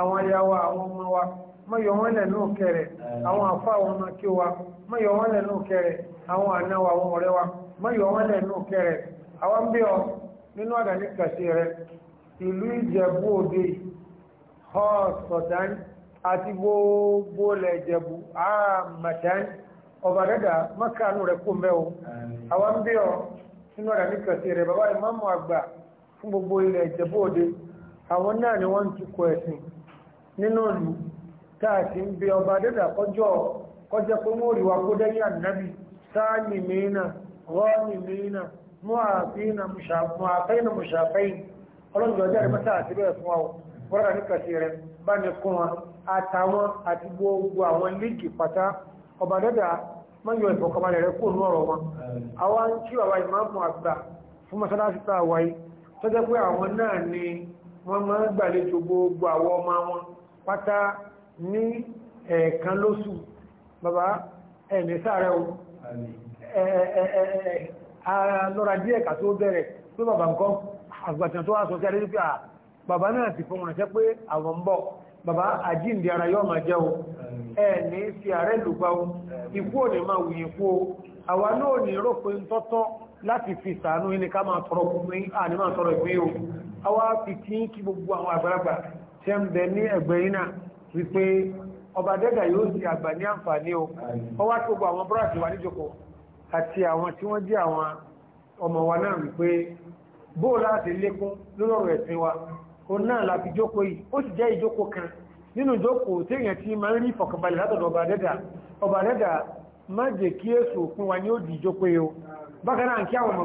àwọn ayawa àwọn ọmọ wa mọ́yọ wọ́n lẹ̀ náà kẹrẹ̀ àwọn àfá àwọn ọmọ kí wa mọ́yọ wọ́n lẹ̀ náà kẹrẹ̀ àwọn ànáwà àwọn ọ̀rẹ́ wa wọ́n lẹ̀ náà àwọn ń bí ọ nínú àdáni kàṣe rẹ ìlú ìjẹ̀bú òde hot àti gbogbo lẹ̀ ìjẹ̀bú àmàdán ọba dẹ́dà mọ́kànú rẹ̀ kó mẹ́ o àwọn ń bí ọ nínú àdáni kàṣe rẹ bàbá gbogbo ilẹ̀ nínú ìlú táàtì ń ọba dẹ́dà kọjọ́ kọjẹ́ pé mú òrìwà kó dẹ́yìn sáàlì mìíràn rọ́ọ̀nì mìíràn mú mùsàfẹ́yìn jẹ́ àti bẹ́ẹ̀ fún wọ́n rà ní kàṣí rẹ̀ bá ní kún wa àtàwọn àti gbogbo àwọn líìgì pátá ọba dẹ́dà mọ́yọ̀ ìfọ̀kọ̀balẹ̀ rẹ̀ kó nú ọ̀rọ̀ wọn àwọn tí bàbá ìmáàmù a wáyé tó pátá ní ẹ̀ẹ̀kan lóṣù bàbá ẹ̀ẹ̀mẹ́ sáré o lọ́ra díẹ̀ kà tó bẹ̀rẹ̀ tó bàbá nǹkan àgbàtàn tó wá sọ sí adé pé bàbá náà ti fún pé àwọn bọ̀ bàbá àjíǹdì ara yọ́ jẹ́ o ẹ̀ẹ̀ni sí ààrẹ o ikú ò ní máa kú o àwa náà ní tọrọ tí a ń bẹ ní ẹgbẹ́ iná wípé ọba yóò àgbà ní àǹfààní o ọ wá tó gbọ́ àwọn búrọ̀sì wà níjòkó àti àwọn tí wọ́n jẹ́ àwọn ọmọ wa náà wípé bóò láti lékún lọ́rọ̀ ẹ̀sìn wa o náà láti jókòó yìí ó sì jẹ́ kan nínú ti máa ń rí ìfọ̀kànbalẹ̀ látọ̀dọ̀ ọba dẹ́gà ọba dẹ́gà má jẹ́ kí wa ní ó di o bákan náà kí àwọn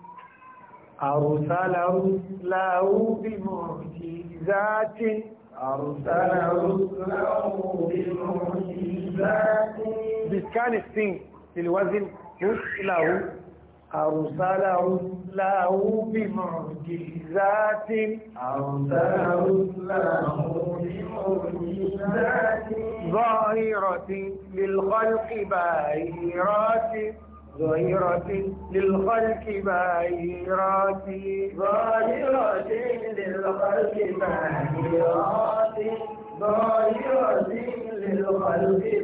أرسله له بمعجزات أرسله له بمعجزات بإسكان السين في الوزن أرسله أرسله له بمعجزات أرسله له بمعجزات ظاهرة للخلق باهرات ظاهرة للخلق معيرات ظاهرة للخلق معيرات ظاهرة للقلب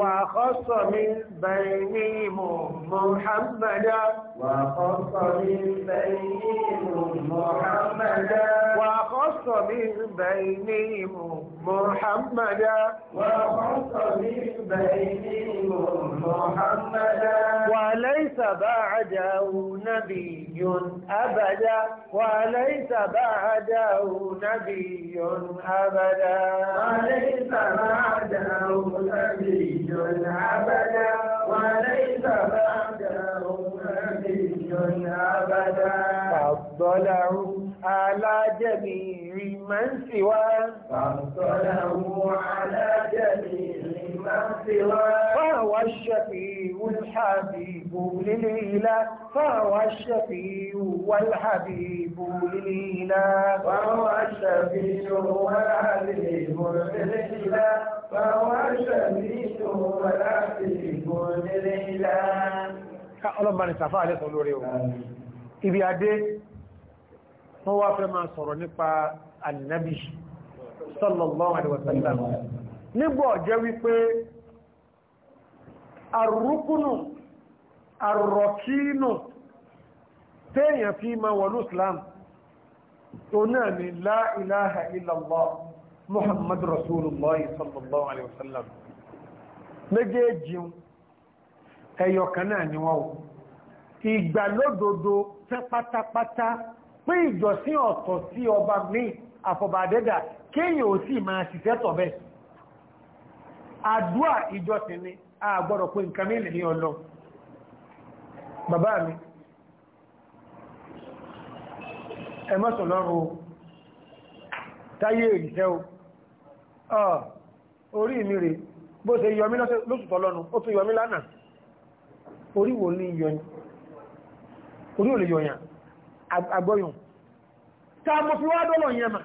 وخص من بينهم محمدا وخص من بينهم محمدا وخص من بينهم محمدا وخص من بينهم محمدا وليس بعده نبي أبدا وليس بعده نبي أبدا وليس بعده نبي أبدا وليس بعده نبي أبدا فاطلعوا على جميع من سواه فاطلعوا على جميع من سواه فهو الشفيع الحبيب للإله فهو الشفيع والحبيب للإله فهو الشفيع والحبيب للإله فهو الشفيع والحبيب للإله ọlọ́gbà ni sàfáà lẹ́sàn olóore o ibi adé wọ́n wá fẹ́ máa sọ̀rọ̀ nípa annabi sallallahu alaihi wasallam nígbọ̀ jẹ́ wípé arúkúnù arọ̀kínù téèyàn fi ma wọ̀lú islam tó náà ni la ilaha illallah muhammad rasulullah sallallahu alaihi wasallam méjèèjì ẹyọ̀kan náà ni wọ́n ìgbàlódodo tẹ́ pátápátá pé ìjọsìn ọ̀tọ̀ sí ọba mi àfọ̀bàdẹ́dà kéèyàn ò sì máa ṣiṣẹ́ tọ̀bẹ̀ àdúà ìjọsìn ni a gbọ́dọ̀ pé nǹkan mílì ní ọlọ bàbá mi ẹmọ́sùn lọ́rùn táyé ìrìṣẹ́ o orí mi rè bó ṣe yọmí lóṣùtọ́ lọ́nu ó tún yọmí lánàá orí wo ní yọyìn agbọ́yùn ta mo fi wá dọ́lọ̀ yẹn mà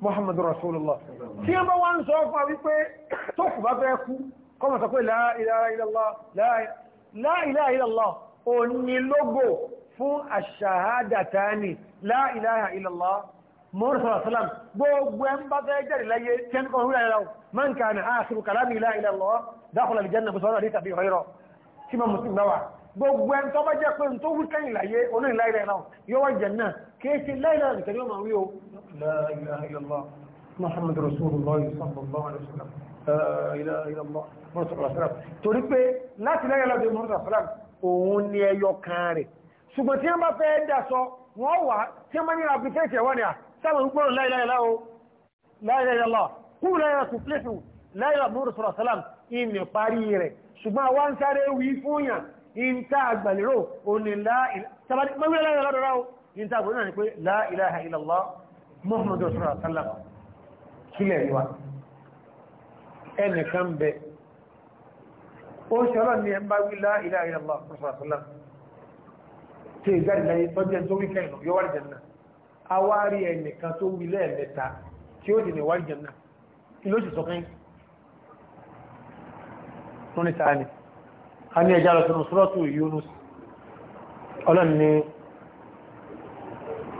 Muhammad Rasulullah tí a bá wá ń sọ fún a wípé tó kù bá fẹ́ kú kọmọ̀ sọ pé la ilaha illallah la ilaha illallah ó ní lógó fún aṣàhádàtáni la ilaha illallah mọ́rún sọ́lọ́sọ́lọ́m gbogbo ẹn bá fẹ́ jẹ́rì láyé tí ẹn kan húrẹ̀ rẹ̀ man kana akhiru kalami la ilaha illallah gbogbo ẹni tó bá jẹ́ pé tó wí kẹ́yìn láyé olóyìn láìrẹ̀ náà yóò wá jannah kìí ṣe láìrẹ̀ nìkan yóò máa wí o. la ilaha illallah muhammadu rasulullah sallallahu alaihi wasallam la ilaha illallah mọ́sọ̀rọ̀ sọ́rọ̀ torí pé láti láyé lọ́dọ̀ mọ́sọ̀rọ̀ sọ́rọ̀ òun ni ẹyọ kan rẹ̀ ṣùgbọ́n tí wọ́n bá fẹ́ dà sọ wọ́n wà tí wọ́n ní application wọ́n ni à sáwọn gbọ́n ìntà àgbàlérò òní láìláha ìlàlá Muhammadu Rasulullah sallama kílẹ̀ ríwá ẹnìkan bẹ ó ṣọ́rọ̀ ní ẹmbá wí láìláha ìlàlá Rasulullah sallama tí ìjáde láyé tọ́jẹ́ tó wíkẹ́ ìnà yóò wà jẹ́nà awárí ẹnìkan tó wí lẹ́ẹ̀mẹ́ta tí ó dì ní wà jẹ́nà kí ló sì sọ a ní ẹjá lọ sínú suratu Yunus ọlọ́run ni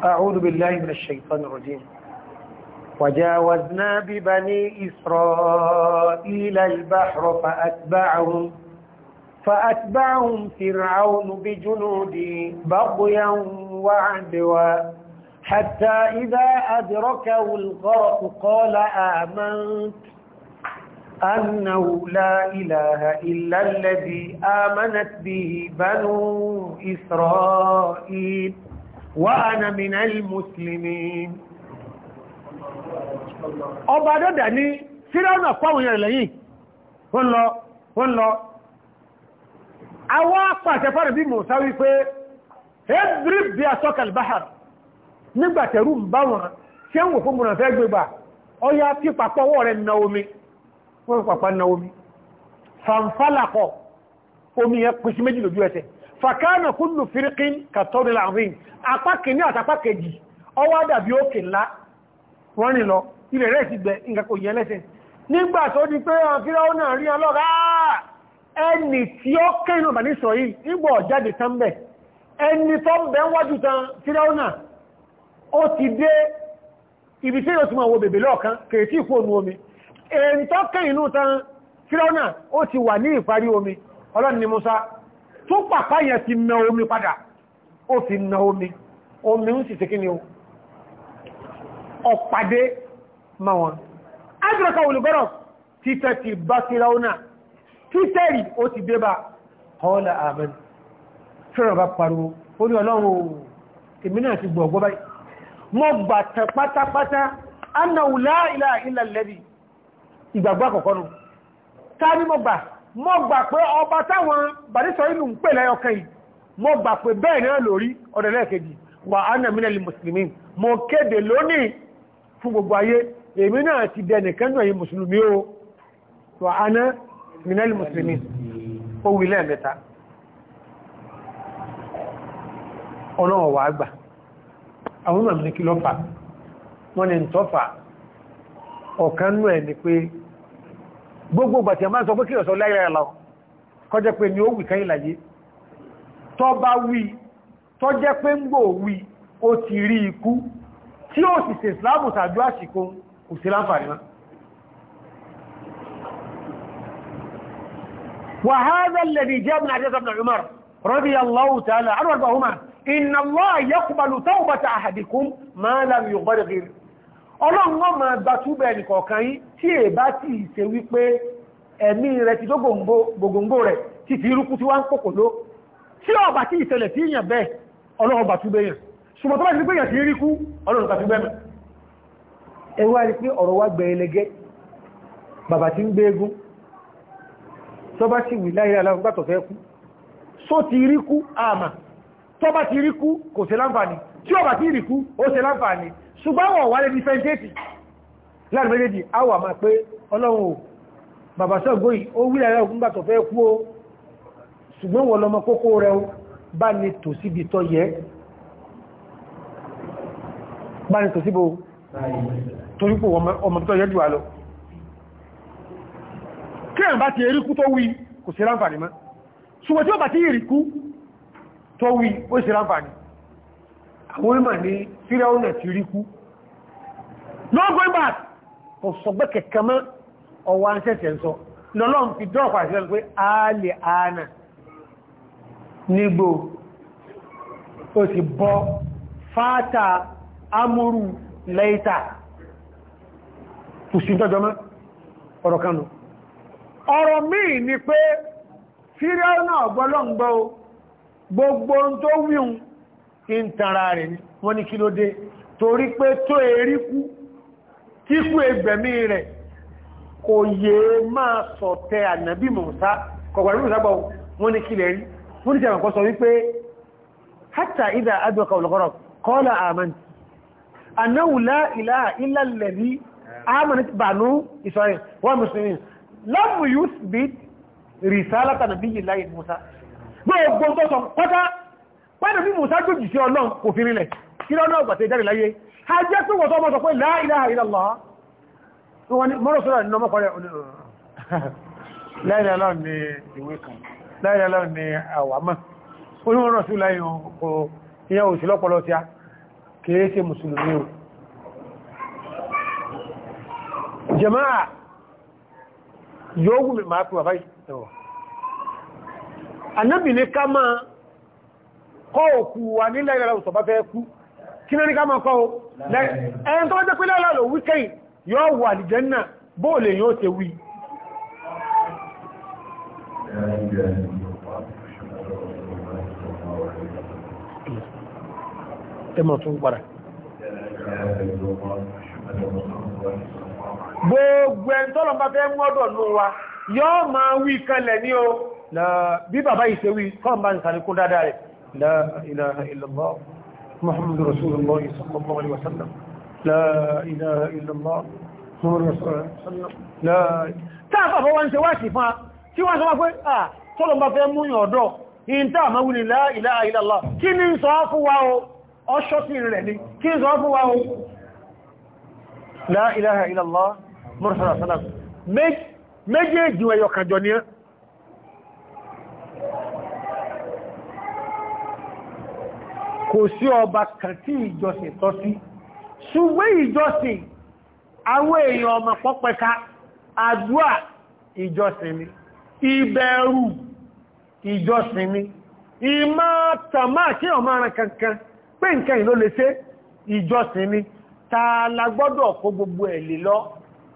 أعوذ بالله من الشيطان الرجيم وجاوزنا ببني إسرائيل البحر فأتبعهم فأتبعهم فرعون بجنوده بغيا وعدوا حتى إذا أدركه الغرق قال آمنت أنه لا إله إلا الذي آمنت به بنو إسرائيل وأنا من المسلمين ọba dọ́dà ní fíráùnà pàwọn yẹ̀rẹ̀ lẹ́yìn wọ́n lọ wọ́n lọ àwọn pàṣẹ fara bí Mùsá wípé ẹgbìrìb bí a sọ́kàl báhàr nígbàtẹ̀rù ń bá wọn ṣe ń wò fún mùnà fẹ́ gbégbà ọya pípapọ̀wọ́ rẹ̀ na omi wọ́n pàpá na omi fanfalakọ̀ omi yẹn pèsè méjì lójú ẹsẹ̀ fàkánà kúlù fíríkín kàtọ́rì láàrin apá kìíní àtàpá kejì ọwá dàbí òkè ńlá wọ́n rìn lọ ilẹ̀ rẹ̀ ti gbẹ nǹkan kò yẹn lẹ́sẹ̀ nígbà tó di pé àfíráwọ́ náà rí ọlọ́rà ẹni tí ó kẹ́yìn ọ̀bà èyí tó kẹ́ inú tán fílọ́nà ó ti wà ní ìparí omi ọlọ́run ni Musa tó pàpá yẹn ti mẹ omi padà ó fi na omi omi ń sì tẹ́kí ni ó ọ̀pàdé ma wọn ájúrọ̀kà olùgbọ́rọ̀ títẹ́ ti bá fílọ́nà títẹ́rì ó ti dé bá ọlá àmì fẹ́rọ̀ pariwo ó ní ọlọ́run ìmìnà ti gbọ̀gbọ́ báyìí mo gbà tẹ̀ pátápátá annáwó láìláà ilẹ̀ lẹ́bìí ìgbàgbọ́ àkọ́kọ́ nù ká ní mọ́ gbà mọ́ gbà pé ọba táwọn bàdísọ̀ inú ń pè lẹ́yọkẹ́ yìí mọ́ gbà pé bẹ́ẹ̀ náà lórí ọ̀dẹ̀ lẹ́ẹ̀kejì wà ánà mínẹ́lì mùsùlùmí mo kéde lónìí fún gbogbo ayé èmi náà ti dẹ o wà ánà mínẹ́lì mùsùlùmí ó wí lẹ́ẹ̀mẹ́ta ọlọ́wọ̀ wà wọ́n ni ń tọ́fà ọ̀kan nú ẹ̀ ni pé gbogbo gbàtí a máa sọ pé kí ọ̀sọ̀ láìlára lọ kọjẹ́ pé ni ó wì káyìn láyé tọ́ bá wí tọ́ jẹ́ pé ń gbò wí ó ti rí ikú tí ó sì ṣe ìsìláàmù tàjú kò sí láǹfààní náà وهذا الذي جاء من عجاز بن عمر رضي الله تعالى عنه إن الله يقبل توبة أحدكم ما لم يبرغ ọlọ́run ọmọ gbàtúbẹ̀ ẹnìkọ̀ọ̀kan yí tí è bá ti ṣe wípé ẹ̀mí rẹ̀ ti gbogbogbò rẹ̀ ti ti irúkú tí wá ń pòkò ló tí ọba tí ìṣẹ̀lẹ̀ tí bẹ́ẹ̀ ọlọ́run yàn ṣùgbọ́n tó bá ti pé ti ríkú ọlọ́run gbàtúbẹ̀ mẹ́ ti ti ríkú ti ṣùgbọ́n wọ́n wà lè dìfẹ́ǹtẹ́tì láàrin méjèèjì a wà máa pé ọlọ́run ò bàbá sọ́gbóyì ó wílẹ̀ rẹ̀ ògúngbà tó fẹ́ kú o ṣùgbọ́n wọ́n lọmọ kókó rẹ̀ bá ní tò síbi tọ́ yẹ bá ní tò síbo torípò ọmọ tọ́ yẹ jùwà lọ kí ẹ̀ bá ti eríkú tó wí kò sí ráǹfààní mọ́ ṣùgbọ́n tí ó bá ti eríkú tó wí ó sí ráǹfààní àwọn ìmọ̀ ní fíráúnà ti rí kú no going back kò sọgbẹ́ kẹ̀kẹ́ mọ́ ọwọ́ ansẹ́sẹ̀ ń sọ lọ́lọ́n fi dọ́ọ̀pọ̀ àti ẹgbẹ́ àálẹ̀ àánà nígbò ó ti bọ́ fátà amúrù lẹ́ìtà kùsùn tọ́jọ́ mọ́ ọ̀rọ̀ kanu ọ̀rọ̀ míì ni pé fíráúnà ọ̀gbọ́lọ́ gbogbo tó wíhun ń tara rẹ̀ ni wọ́n ní kí ló dé torí pé tó èrí kú tí kú ẹgbẹ̀mí rẹ̀ kò yé máa sọ̀tẹ̀ ànàbí Mùsá kọ̀gbàrí Mùsá gbọ́ wọ́n ní kí lẹ̀ rí wọ́n ní jẹ́ àkọ́ sọ wípé hátà ìdá adọ́ka olùkọ́rọ̀ kọ́lá àmàntì annahu la Musa gbogbo tó sọ pátá pẹ́lú bí Musa jòjì sí ọlọ́n kò fi rinlẹ̀ kí lọ́nà ọgbàtẹ̀ jáde láyé a jẹ́ pé wọ́n tó mọ́ sọ pé la ilaha illallah wọ́n ni mọ́rọ̀ sọ́rọ̀ nínú ọmọkọrẹ la ilaha illallah ni ìwé kan la ilaha illallah ni àwàmọ́ onímọ̀rọ̀ sí láyé kò ìyá òsì lọ́pọ̀lọ́ tí a kìí ṣe mùsùlùmí o jama'a yóò wù mí máa pè wà báyìí kọ́ òkú wa ní lẹ́rẹ̀lẹ́ òsọ̀bá fẹ́ kú kí ní ká mọ́ kọ́ o ẹ̀yìn tó jẹ́ pínlẹ̀ lọ́lọ́ wíkẹ́ yóò wà àlìjẹ́nà bóòlè yóò tẹ wí gbogbo ẹ̀ tọ́lọ̀ bá fẹ́ mọ́dọ̀ ní wa yóò máa wí kalẹ̀ ní o bí bàbá ìṣẹ́wí kọ́ bá ń sàríkún dáadáa rẹ̀ لا إله إلا الله محمد رسول الله صلى الله عليه وسلم لا إله إلا الله محمد رسول الله صلى الله عليه وسلم لا تعرف أفوان سواتي فا سوى سوى فا آه صلى الله عليه وسلم يوضو إن تعمى ولي لا إله إلا الله كن إنصاف واو أشتي رحلي كن إنصاف واو لا إله إلا الله مرسل الله مج مجي جوا يوكا جونيا kò sí ọba kan tí ìjọsìn tọ́ sí ṣùgbé ìjọsìn àwọn èèyàn ọmọ pọ́pẹ́ká àdúà ìjọsìn ni ìbẹ̀rù ìjọsìn ni ìmọ̀ tàmà kí ọmọ ara kankan pé nǹkan ìlò lè ṣe ìjọsìn ni ta la gbọ́dọ̀ kó gbogbo ẹ̀ lè lọ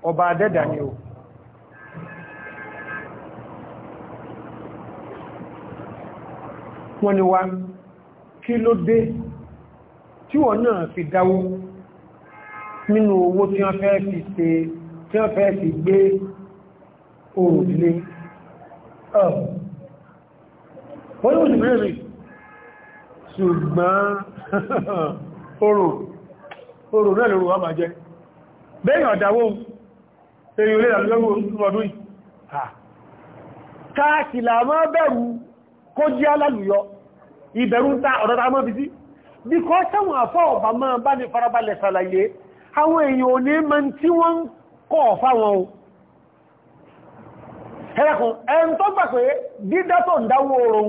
ọba adẹ́dà ni o wọ́n ni wá kí ló dé tí wọ́n náà fi dáwó nínú owó tí wọ́n fẹ́ fi ṣe tí wọ́n fẹ́ fi gbé oòrùn ilé wọ́n yóò sì mẹ́rin ṣùgbọ́n oòrùn oòrùn náà lórí wà máa jẹ́ bẹ́yìn ọ̀dáwó èyí olè àmìlọ́gbò ọdún yìí káàkìlà máa bẹ̀rù kó jẹ́ ìbẹ̀rù ń ta ọ̀rọ̀ ta mọ́ bí sí bí kọ́ sẹ́wọ̀n àfọ́ ọ̀bà máa bá ní farabalẹ̀ sàlàyé àwọn èèyàn ò ní mọ́ tí wọ́n ń kọ́ fáwọn o ẹ̀rẹ́kùn ẹn tó gbà pé dídá tó ń dáwó oòrùn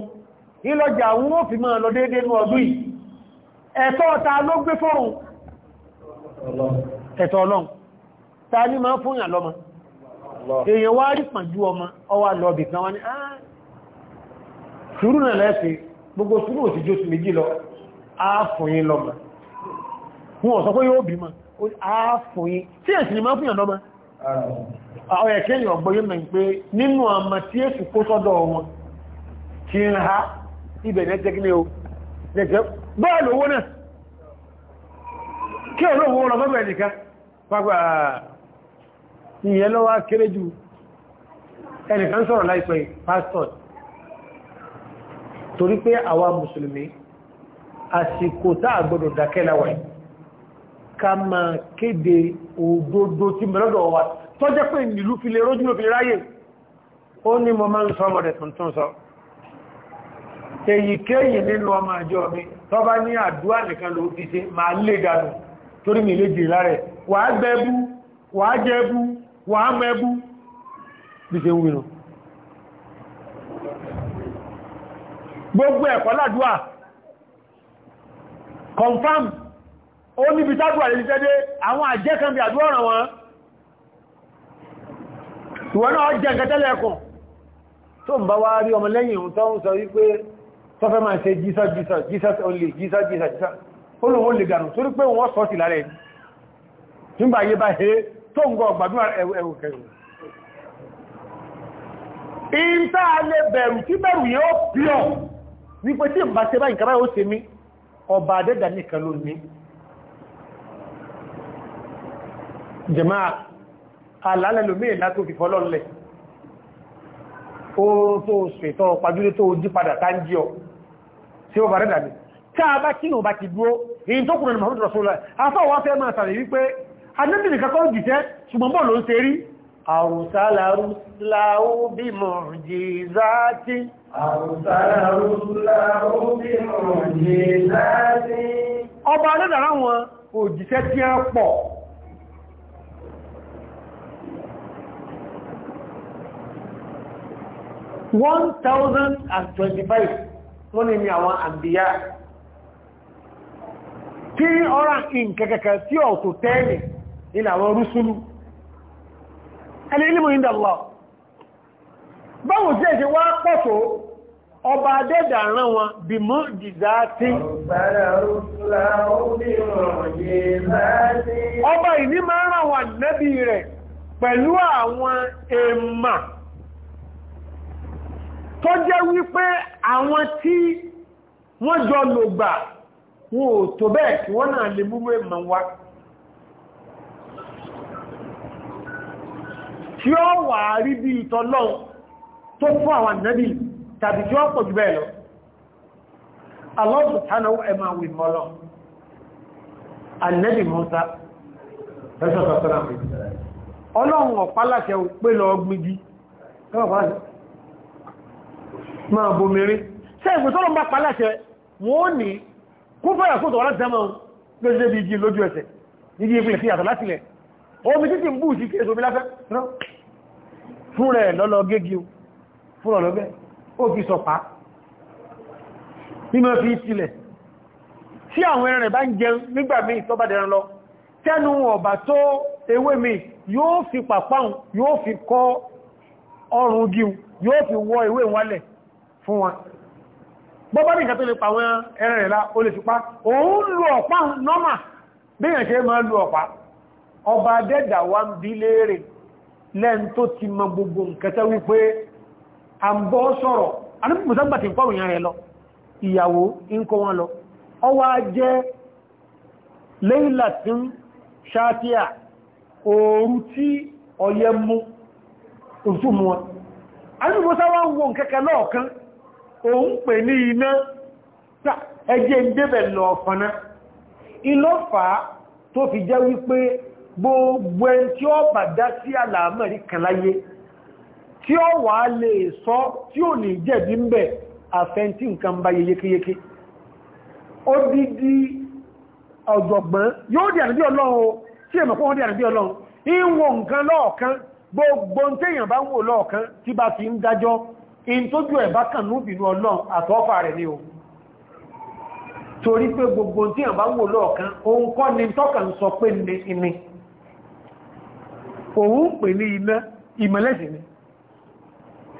ìlọjà àwọn ó fi máa lọ déédé ní ọdún yìí ẹ̀tọ́ ta ló gbé fóòrùn ẹ̀tọ́ ọlọ́run ta ní máa fún yàn lọ́mọ gbogbo súnú òsìjú oṣù méjì lọ áàfùnyín lọ́mà fún ọ̀sọ́ pé yóò bímọ áàfùnyín tí èsì ni máa fún ìyànlọ́mà ọ̀yẹ̀ kẹ́yìn ọ̀gbọ́yé mẹ́ pé nínú àmà tí èsì kó sọ́dọ̀ wọn kí ń ha ibẹ̀ nẹ́tẹ́gínlẹ̀ torí pé àwa mùsùlùmí àsìkò táà gbọdọ̀ dákẹ́láwà ká ma kéde òdodo tí mẹ́lọ́dọ̀ wa tó jẹ́ pé ìlú fi lè rójú lóbi ráyè ó ní mo máa ń sọ ọmọdé tuntun sọ èyíkéyìí nínú ọmọ àjọ mi tó bá ní àdúrà nìkan ló fi ṣe máa lè dànù torí mi lè jìrì lárẹ̀ wà gbẹ́bú wà jẹ́bú wà mẹ́bú bí ṣe ń wìnà gbogbo ẹ̀kọ́ ládùá confam ó níbi tádùá lè jẹ́dé àwọn àjẹ́ kan bí àdúrà ọ̀ràn wọn ìwọ̀n náà jẹ́ nǹkan tẹ́lẹ̀ ẹ̀kùn tó ń bá wá rí ọmọ lẹ́yìn tó ń sọ wípé tọ́fẹ́ máa ṣe Jesus Jesus Jesus only Jesus Jesus Jesus olówó lè dànù torí pé wọ́n sọ́ọ̀sì lárẹ̀ nígbà yé bá ṣe tó ń gọ ọgbàdúrà wípé tí ìbá ṣe báyìí kàbáyà ó ṣe mí ọba adẹ́dà nìkan ló ní jẹ̀má alálẹ̀ lómí ìlà tó fi fọ́lọ́lẹ̀ ó tó ṣètọ́ pàdúrí tó jí padà tájí ọ sí ọba adẹ́dà ní tí a bá kí ọba ti dúó èyí tó kùnrin Muhammadu Rasulullah afọ́wọ́ fẹ́ máa sàrẹ̀ wípé adẹ́bìnrin Ọba alẹ́dàrá wọn òjìṣẹ́ tí a pọ̀. One thousand and twenty-five wọ́n ni ni àwọn àbíyá. Tí ọ́rà ìǹkẹ̀kẹ̀kẹ̀ tí ọ̀tò tẹ́ẹ̀lì ilẹ̀ àwọn rúsúlù. Ẹni ilé mú ìdàlọ́. Báwo jẹ́ ìṣẹ́ wá pọ̀ tó ọba adẹ́dà rán wọn bí mọ́ jìzá tí ọba ìní máa rán wọn nẹ́bí rẹ̀ pẹ̀lú àwọn èèmà tó jẹ́ wípé àwọn tí wọ́n jọ lògbà wọn ò tó bẹ́ẹ̀ kí wọ́n náà lè mú èèmà wá tí ó wà rí bí ìtọ́lọ́un tó fún àwọn nẹ́bí rẹ̀ tàbí tí wọ́n pọ̀ jù bẹ́ẹ̀ lọ Allah subhanahu ẹ máa wí mọ́lọ annabi Musa ọlọ́run ọ̀pálàṣẹ pé lọ gbígi máa bomirí ṣe ìgbè tọ́lọ bá pàláṣẹ wọ́n ní kún fẹ́ àkótọ̀ láti dámọ́ lójúdé bí igi lójú ẹsẹ̀ níbi ìpìlẹ̀ sí àtọ̀ látìlẹ̀ omi títí ń bú sí kí èso mi láfẹ́ fún rẹ̀ lọ́lọ́ gẹ́gí fún ọ̀lọ́gbẹ́ ó fi sọ̀pá ní mọ́ fi tilẹ̀ tí àwọn ẹran rẹ̀ bá ń jẹun nígbà míì tó bá dẹran lọ tẹ́nu ọ̀bà tó ewé mi yóò fi pàpáhùn yóò fi kọ́ ọrùn gíun yóò fi wọ ewé wálẹ̀ fún wọn bọ́bá ní ìkàtọ́ lè pa àwọn ẹran rẹ̀ lá ó lè fipá òun lù ọ̀pá nọ́mà bí yàn ṣe máa lù ọ̀pá ọba dẹ́dà wa ń bí léèrè lẹ́n tó ti mọ gbogbo nǹkan tẹ́ wípé àbọ̀ sọ̀rọ̀ anúbùsọ́gbàtí pọ̀ òyìn rẹ̀ lọ ìyàwó in kó wọn lọ ọwá jẹ́ lẹ́ìlàtín ṣáàtíà òòrùn tí ọyẹ mú òtú mú wọn anúbùsọ́wọ́ ń wọ́n kẹ́kẹ́ lọ́ọ̀kan òun pè ní iná ẹjẹ́ ìdébẹ̀ ilọ́fà tó fi jẹ́ wípé gbogbo ẹn tí sí kan tí ó wà lè sọ tí ò ní jẹ̀bi ń bẹ̀ àfẹ́ntí nǹkan bá yeyekeyeke ó dídí ọ̀jọ̀gbọ́n yóò di ànábì ọlọ́run tí èmọ̀ fún wọ́n di ànábì ọlọ́run ìwò nǹkan lọ́ọ̀kan gbogbo tẹ́yàn bá ń wò lọ́ọ̀kan tí bá fi ń dájọ́ in tójú ẹ̀ bá kàn núbìnú ọlọ́run àtọ́fà rẹ̀ ni o ni tọ́kà ń sọ ni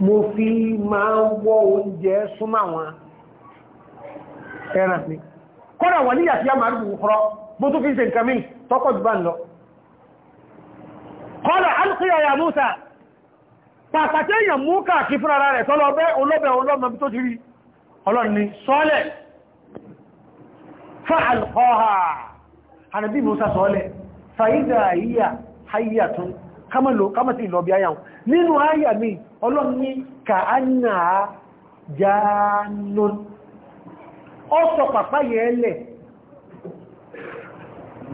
mo fi máa ń wọ́ oúnjẹ súnmọ́ àwọn ẹran mi kọ́nà wà níyà tí a máa rúgbù kọ́rọ́ bó tó fi ṣe nǹkan mí tọ́kọ̀ jù bá ń lọ kọ́nà alùkúyà ya Musa pàtàkì èèyàn mú káàkì fún ara rẹ̀ tọ́lọ́bẹ́ olóbẹ̀ olómọbí kama sí ìlọ́bí ayáhùn nínú ayà mi ọlọ́run ní ka a nà á jánún ọ sọ pàpá yẹ lẹ̀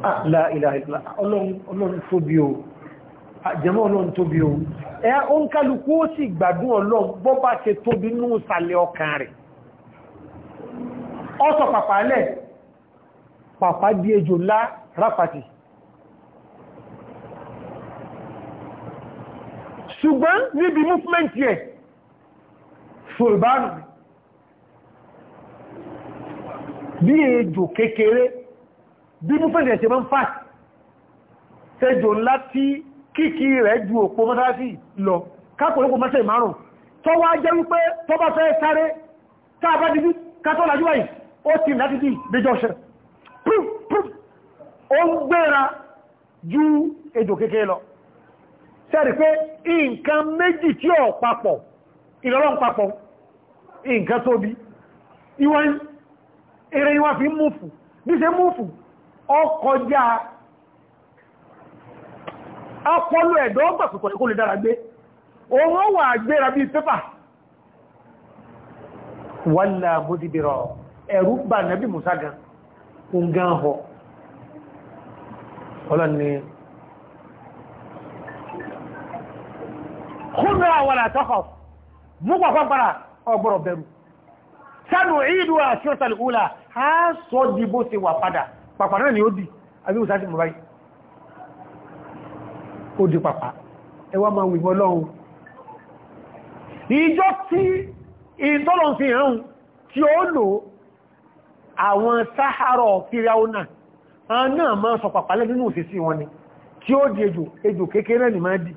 ah, ọlọ́run tóbi o ah, jẹmọ́ ọlọ́run tóbi o ẹ o ń kálukú ó sì gbádùn ọlọ́run bọ́ bá ṣe tóbi ní ìsàlẹ̀ ọkàn rẹ̀ ọ sọ pàpá lẹ̀ pàpá bí ejò ńlá rápàtì ṣùgbọ́n níbi movement yẹ ṣùlbánù bí ejò kékeré bí movement yẹ ṣe mọ́ ń fà tẹjò ńlá tí kíkí rẹ̀ ju òpó mọ́sáàsì lọ kápòlópò mọ́sẹ̀ márùn tó wá jẹ́ wípé tó bá fẹ́ sáré káàbá dìbí kátọ́lá jùwáyì ó ti láti bí bíjọ́ ṣe ó ń gbéra ju ejò kékeré lọ sẹ́rì pé nǹkan méjì tí ọ̀ papọ̀ ìrọ̀lọ́n papọ̀ nǹkan tó ìwọ̀n eré ìwọ̀n fi múfù bí múfù ọkọjá ọpọlọ ẹ̀dọ́ gbàkùkọ̀ lè dára gbé wà gbéra bí pépà wàlá múdìbìrọ̀ ẹ̀rú bà musa kúnnà àwọn àtọ́kọ̀ mú kọ̀kọ́ para ọgbọ̀rọ̀ bẹ̀rù sánú ìlú àṣírọ̀tà ìkúlà a sọ di bó ti wà padà pàpà náà ni ó di àbí òsá ti mọ̀ báyìí ó di pàpà ẹwà máa wùgbọ́ lọ́hun ìjọ tí ìtọ́lọ̀ fi hàn tí ó àwọn sáhárọ̀ fíráúnà náà máa sọ pàpà nínú òsìsí wọn ni tí ó di ejò ejò kékeré ni máa dìí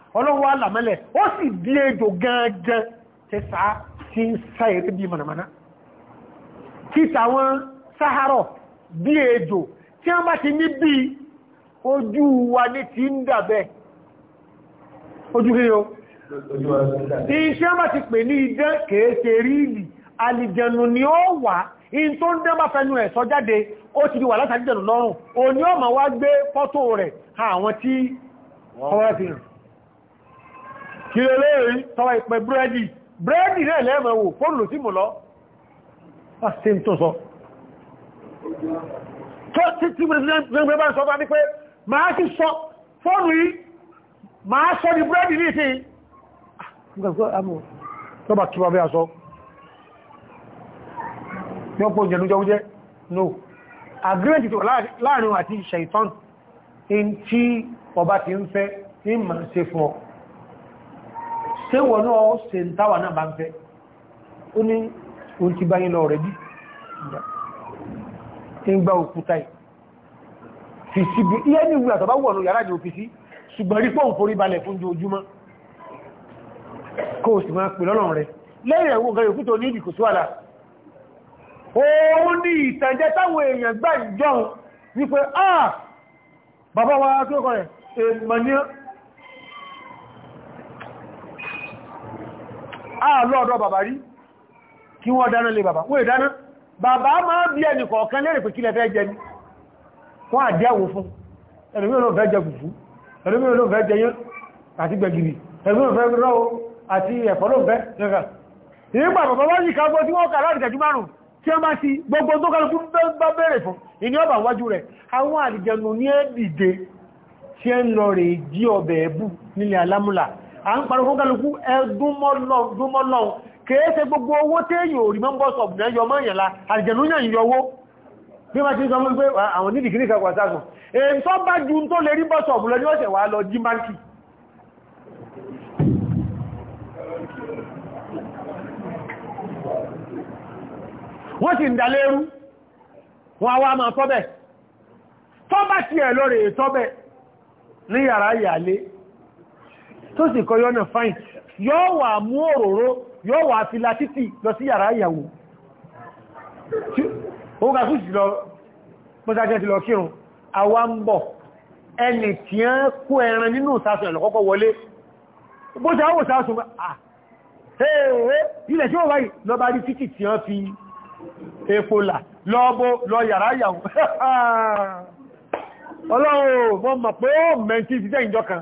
ọlọ́wọ́ alàmẹ́lẹ̀ ó sì bí ejò gangan tí sáà tí ń sá èrè bí mọ̀nàmọ́ná tí tàwọn sáhárọ̀ bí ejò tí wọ́n bá ti ní bí ojú wa ní ti ń dàbẹ́ ojú rí o tí iṣẹ́ bá ti pè ní idẹ́ kèése ríìlì alìjẹnu ni ó wà in tó ń dẹ́ bá fẹ́nu ẹ̀ sọ jáde ó ti di wà látàrí jẹ̀nù lọ́rùn o ni wá gbé fọ́tò rẹ̀ àwọn tí ọwọ́ fi hàn kí lè lórí tọwà ìpẹ búrẹ́dì búrẹ́dì náà lẹ́mọ̀ wò fóònù lò sí mù lọ ṣe ń tó sọ tó tí tí gbẹ̀gbẹ̀ bá ń sọ bá ní pé máa ti sọ fóònù yìí máa sọ ní búrẹ́dì ní ìsìn tọ́bà kí wọ́n bẹ́ aṣọ yọ́n pọ̀ jẹ̀lújọ́wújẹ́ no agreement tó láàrin àti ṣẹ̀ìtàn in tí ọba ti ń fẹ́ ní màá ṣe fún ọ ṣé wọ́n náà ṣe ń táwà náà bá ń fẹ́ ó ní oun ti báyìí lọ rẹ̀ bí ń gba òkúta ì fi síbi iye ní ìwé àtọ̀bá wọ̀nù yàrá ìdí òfìsí ṣùgbọ́n rí pọ́n forí balẹ̀ fún ojoojúmọ́ kó o sì máa pè rẹ̀ lẹ́yìn ẹ̀wọ̀n ah bàbá wa tó kọ rẹ̀ àlọ́ọ̀dọ́ bàbá rí kí wọ́n dáná lé bàbá wọ́n ìdáná bàbá máa bí ẹnì kọ̀ọ̀kan lérè pé kí lẹ fẹ́ jẹ ní wọ́n àdẹ́wò fún ẹlòmí olóò fẹ́ jẹ fùfú ẹlòmí olóò fẹ́ jẹ yán àti gbẹ̀gìrì ẹlòmí olóò fẹ́ rọ́ àti ẹ̀fọ́ ló fẹ́ gẹ́gà nígbà bàbá wọ́n yìí kágbó tí wọ́n kà láti tẹ̀jú márùn tí wọ́n bá ń lọ rè jí ọbẹ̀ ẹ̀bù nílẹ̀ alámúlà à ń parọ́ fún kálukú ẹgbúnmọ́lọ́un kèése gbogbo owó téèyàn ò rí members of náà yọ mọ́yàn la àjẹ̀nú yàn yọwó bí wọ́n ti sọ wípé àwọn nídìí kìníkà pàtàkùn èyí tó bá ju tó lè rí bọ́sọ̀ ọ̀bùlọ ní ọ̀sẹ̀ wà lọ jí báńkì wọ́n sì ń dà lérú wọn wá máa tọ́bẹ̀ tọ́bà ti ẹ̀ lọ́rẹ̀ tọ́bẹ̀ ní yàrá ìyàlé tó sì kọ yọ́nà fine yóò wà mú òróró yóò wà fi la títì lọ sí yàrá ìyàwó òun kà fúsì lọ pọ́sájẹ́ ti lọ kírun àwa ń bọ̀ ẹni tí a kó ẹran nínú ìsásùn ẹ̀lọ kọ́kọ́ wọlé bó ṣe áwò sásùn ilẹ̀ tí ó wáyìí lọ bá ọlọ́run mọ̀ pé ó mẹ́ntí ìsìtẹ́ ìjọ kan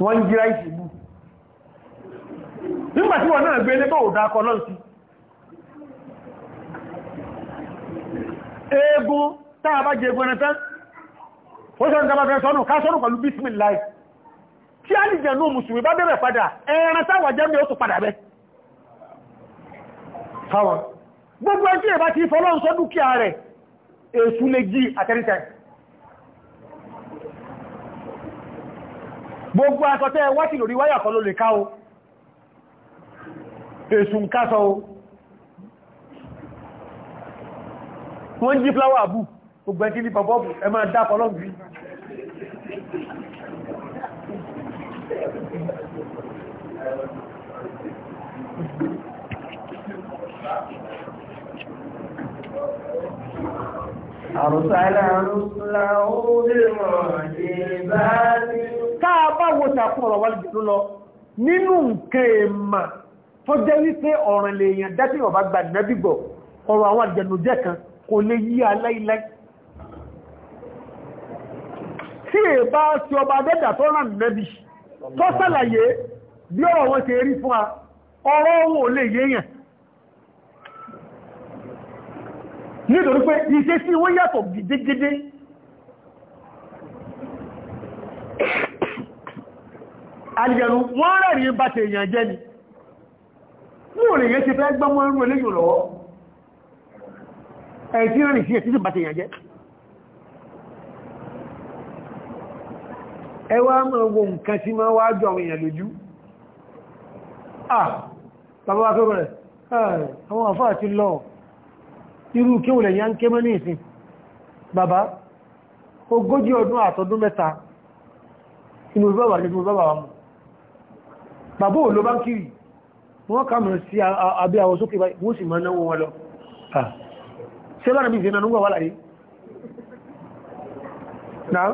wọ́n ń jíra ìṣìbú nígbàtí wọ́n náà gbé ní bọ́ òdákọ lọ́n sí eégún táà bá jẹ ẹgbẹ̀rẹ̀ tán ó sọ́nà tàbá fẹ́ sọ́nà ká sọ́nà pẹ̀lú bísmìláì tí a lè jẹ̀nú mùsùlùmí bá bẹ̀rẹ̀ padà ẹran táwà jẹ́ mẹ́ ó tún padà bẹ́ fáwọn gbogbo ẹjọ́ ìbá ti fọ́lọ́n sọ dúkìá rẹ̀ èsù lè jí àtẹ́rítẹ́ gbogbo àtọ́tẹ́ wáṣì lórí wáyà kọ́ ló lè ká o èsùn kásọ o wọ́n jí fláwà bù gbogbo ẹ̀kí ní pọ̀pọ̀bù ẹ máa dákọ̀ lọ́gbì أرسل رسله بالمعجبات táa bá wo tàkùn ọ̀rọ̀ wà lójú lọ nínú nǹkan èèmà tó jẹ́ wípé ọ̀ràn lè yàn dátí ọ̀bá gbà nẹ́bìgbọ̀ ọ̀rọ̀ àwọn àjẹnujẹ́ kan kò lè yí aláìláì tí è bá tí ọba dẹ́dà tó rán nẹ́bì tó sàlàyé bí ọ̀rọ̀ wọn ti rí fún wa ọ̀rọ̀ alìyànú wọ́n rẹ̀rí bá ti èèyàn jẹ́ ni mú rẹ̀ yẹ́ ti fẹ́ gbọ́mọ́ ẹrù eléyìn lọ́wọ́ ẹ̀yìn tí rẹ̀ sí ẹ̀ bá ti èèyàn jẹ́ ẹ mọ́ wo nǹkan tí máa wájú àwọn èèyàn lójú ah bàbá wá fẹ́ rẹ̀ ah, àwọn àfáà ti lọ irú kéwòlẹ̀ yá ń ké mọ́ ní ìsìn bàbá ogójì ọdún àtọdún mẹ́ta inú bàbá ní inú bàbá bàbá ò ló bá ń kiri wọ́n kàmù sí abẹ́ àwọn sókè báyìí wọ́n sì máa náwó wọn lọ ṣe bára bí ìfẹ́nà nígbà wà láàrin náà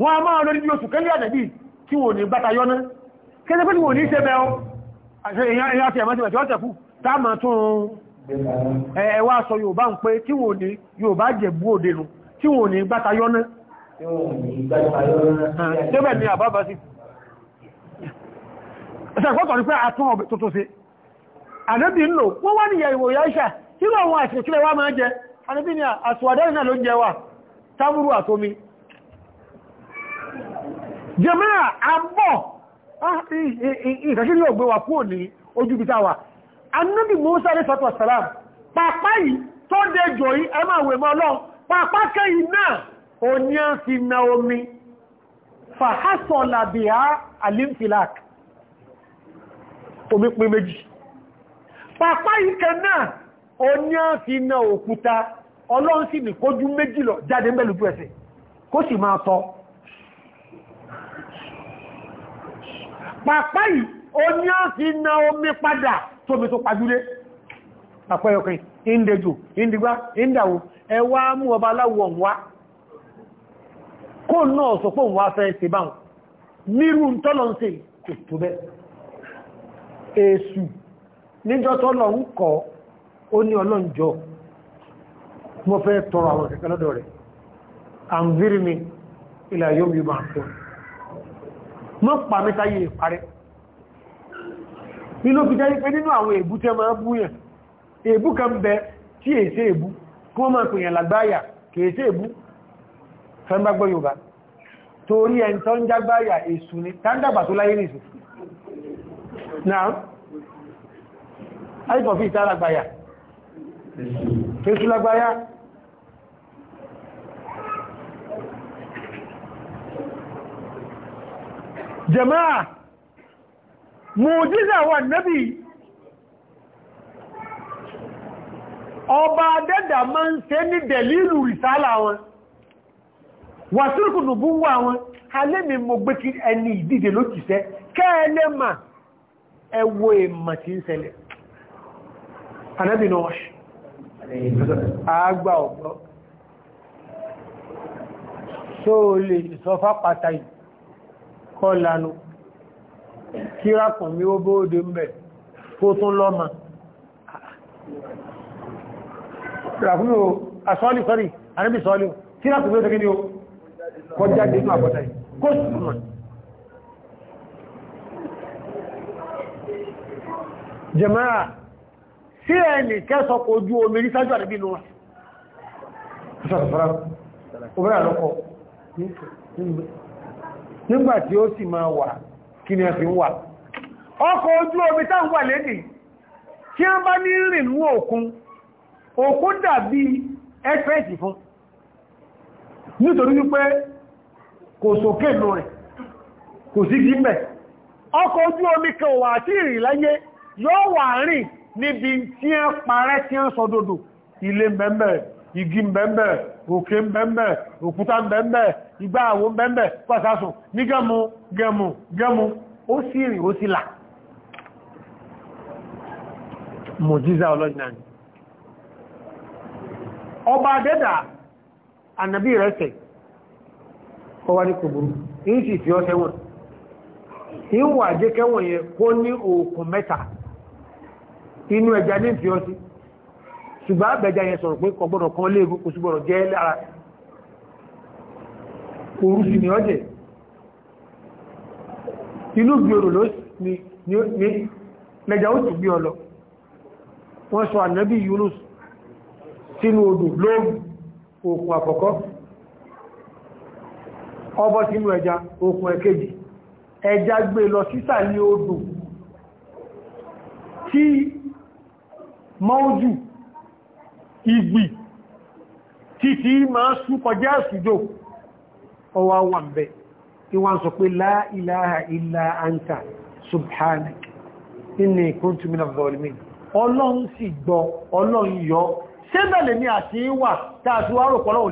wọ́n a máa lórí bí oṣù kẹ́lẹ́ àdẹ̀bí tí wọ́n ní bàtà yọ́ná kẹ́lẹ́ pẹ́lú wọ́n ní ṣe bẹ́ ọ́ àṣẹ ìyá àti ṣàkọ́tọ̀ ní pé àtún ọ̀bẹ̀ tuntun sí ànábì ń lò wọ́n wá níyà ìwò yáṣà kí lọ àwọn àṣìkílẹ̀ wá máa jẹ ànábì ni àṣùwàdẹ́rì náà ló jẹ wà tábúrú àtomi jẹmọ́ra àbọ̀ ìkàṣílẹ̀ ògbé wà kúrò omi pín méjì pàpá ìkẹ náà ó ní á fi na òkúta ọlọ́run sì ní kójú méjì lọ jáde mẹ́lú bú ẹsẹ̀ kó sì máa tọ́ pàpá ì ó ní á fi na omi padà tómi tó pàjúlé pàpá ẹ̀kùn ìndẹjò ìndìgbá ìndàwó ẹwà mú ọba aláwọ̀ wá kó náà sọ pé òun wá fẹ́ ṣe báwọn nírú tọ́lọ́ ń ṣe ètò bẹ́ẹ̀ èsù níjọ́ tó lọ ń kọ́ ó ní ọlọ́njọ́ mo fẹ́ tọrọ àwọn kẹ̀kẹ́ lọ́dọ̀ rẹ̀ àǹfírìmì ilẹ̀ yóò yóò máa fún mọ́ pa mẹ́ta yìí parẹ́ nínú fi jẹ́ pé nínú àwọn èébú tẹ́ máa bú yẹn èébú kan bẹ tí èsẹ́ èébú kí wọ́n máa pèèyàn lágbáyà kèèsẹ́ èébú fẹ́ ń bá gbọ́ Yorùbá torí ẹni tó ń jágbáyà èsù ni tàndàbà tó láyé nìsù Now, àìkọ̀ fi ìta lágbàyà kéṣù lágbàyà jẹ̀máà Mujiza wà Nabi, ọba adẹ́dà máa ń ṣe ní dẹ̀lílù rìsálà wọn wàsílùkù nùbú wọn alẹ́mì mọ̀ ẹni ìdíje ló jìṣẹ́ kẹ́ẹ̀lẹ́ ẹwọ èmà tí ń ṣẹlẹ̀ anábìnà ọ̀ṣì àgbà ọ̀gbọ́ tó lè sọfá pàtàkì kọ́ lánú kírápùn mi ó bóòdé mẹ́ kó tún lọ́mà ràfúnú asọ́lì sọ́rì anábì sọ́lì kírápùn mi ó tẹ́kí ni ó kọjá dínú àbọ̀tàkì kó sì mọ̀ jẹmáà sí ẹni kẹsọkọ̀ ojú omi rí sájú àdébí lọ nígbàtí ó sì máa wà kí ni a fi ń wà ọkọ̀ ojú omi tá ń wà lẹ́nì tí a bá ní rìn ní òkun òkun dàbí ẹ́fẹ́ẹ̀sì fún nítorí wípé kò sókè lọ rẹ̀ kò sí gímẹ̀ ọkọ̀ ojú omi kan wà tí ìrìn láyé yóò wà rìn níbi tí ẹ parẹ́ tí ẹ sọdọ̀dọ̀ ilé mbẹ̀mbẹ̀ igi mbẹ̀mbẹ̀ òkè mbẹ̀mbẹ̀ òkúta mbẹ̀mbẹ̀ igbá àwọ mbẹ̀mbẹ̀ pàtàkùn ní gẹ́mù gẹ́mù gẹ́mù ó sì rìn ó sì là mọ̀jíza ọlọ́jìnà ni ọba adẹ́dà ànàbí rẹ̀ tẹ̀ ọwá ní kòbúrú èyí sì fi ọ́ sẹ́wọ̀n ìwà jẹ́kẹ́wọ̀n yẹ kó ní òkun mẹ́ta inú ẹja ní ìfi ọtí ṣùgbọ́n àbẹ̀já yẹn sọ̀rọ̀ pé kò gbọ́dọ̀ kan léèbú kò sí jẹ́ lára òru sì ni ọjẹ́ inú gbèrò ló ní lẹ́jà ó sì gbé ọ lọ wọ́n sọ ànábì Yunus sínú odò lóòrùn òkun àkọ́kọ́ ọbọ̀ sínú ẹja òkun ẹ̀kejì ẹja gbé lọ sísàlẹ̀ odò tí mọ́ọ́jù ìgbì títí máa sú kọjá ìsújò ọwá wà ń bẹ̀ tí wọ́n sọ pé la ilaha illa anta subhanak inni kuntu minadh zalimin ọlọ́run sì gbọ́ ọlọ́run yọ sẹ́bẹ̀lẹ̀ ni àti wà tààtí wá rọ̀pọ̀ lọ́wọ́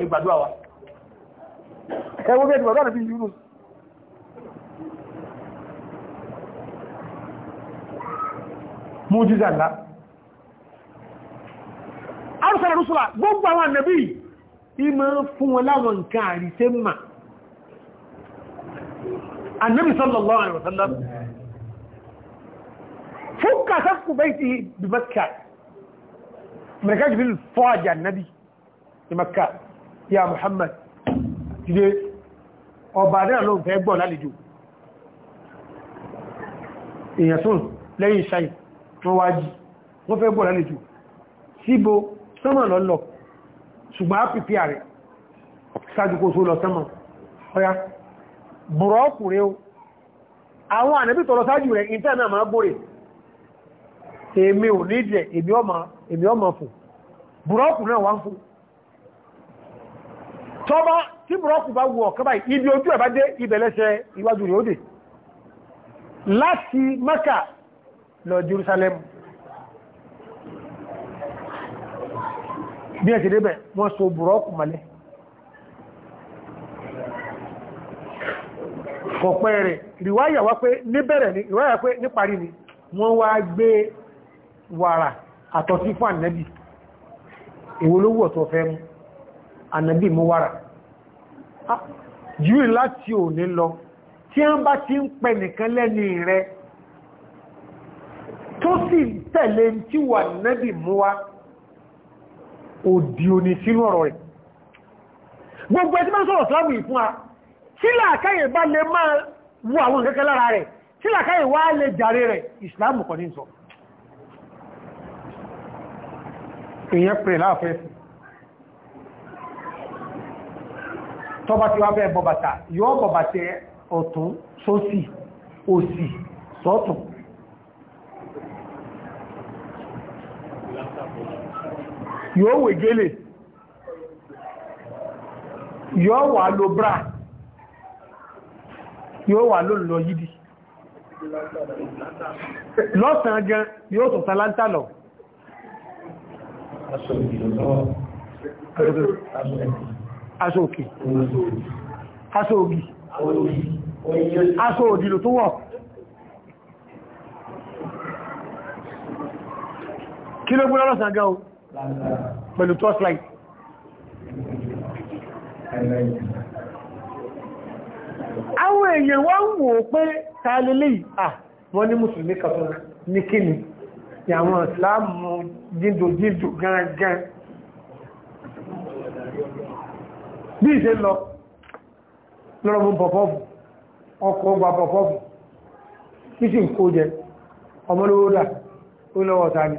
arúsọ̀rọ̀ rúsùlà gbogbo àwọn ànàbí ìmọ̀ fún wọn láwọn nǹkan àríṣẹ́ mà ànàbí sallallahu alaihi wasallam fúnkà sáfù baiti bí Makka mẹ́ríkà jùlọ fọ́ àjà ànàbí ní Makka ya Muhammad jìdé ọba náà ló ń fẹ́ gbọ́ lálejò èèyàn sùn lẹ́yìn ṣáì wọ́n wájí wọ́n fẹ́ gbọ́ lálejò síbo sánmà lọ́lọ́ ṣùgbọ́n ápìpì rẹ̀ sájúkó tó lọ sánmà ọya bùrọ̀ ọkùnrin o àwọn ànẹ́bí tọ́lọ sájú rẹ̀ ìtẹ́ náà máa gbóre èmi ò ní jẹ èmi ọmọ fún bùrọ̀ ọkùnrin náà wá ń fún tọ́bá tí bùrọ̀kù bá wọ ọ̀kẹ́ báyìí ibi ojú ẹ̀bá dé ibẹ̀lẹ́sẹ̀ bí ẹ̀ ti débẹ̀ wọ́n so bùrọ́kù mọ́lẹ̀ kọ̀pẹ́ rẹ̀ ìrìwáyà wá pé níbẹ̀rẹ̀ ni ìrìwáyà pé níparí ni wọ́n wá gbé wàrà àtọ̀sí fún ànẹ́bì èwo ló wù ọ̀tọ̀ fẹ́ mú ànẹ́bì mú wàrà jùlọ láti òní lọ tí wọ́n bá ti ń pẹ nìkan lẹ́ni rẹ̀ tó sì tẹ̀lé tí wà ànẹ́bì mú wàrà òdí òní sínú ọ̀rọ̀ rẹ̀ gbogbo ẹ̀sí máa sọ̀rọ̀ sọ́rọ̀ ìfún wa tí làkáyè bá lè máa wo àwọn kẹ́kẹ́ lára rẹ̀ tí làkáyè wá lè jàre rẹ̀ ìsìláàmù kọ́ ní sọ èyàn pè láàfẹ́ tọ́bá ti wá bẹ́ẹ̀ bọ̀bàtà yóò bọ̀bàtà ọ̀tún sósì òsì sọ́tún yóò wé gélè yóò wà lo bra yóò wà ló lọ yídi lọ́sàn gan yóò tún talanta lọ aṣọ òkè aṣọ ògì aṣọ òdìlò tó wọ̀ kí ló gbọ́nà lọ́sàn gan o pẹ̀lú torch light àwọn èèyàn wọ́n ń wò pé tààlélé à wọ́n ní mùsùlùmí kàtọ́ ní kíni ni àwọn ìsìláàmù jíndòjíndò gángan bí ìṣe lọ lọ́rọ̀ mú pọ̀pọ̀fù ọkọ̀ ọgbà pọ̀pọ̀fù kí sì ń kó jẹ ọmọlówó dà ó lọ́wọ́ ta ni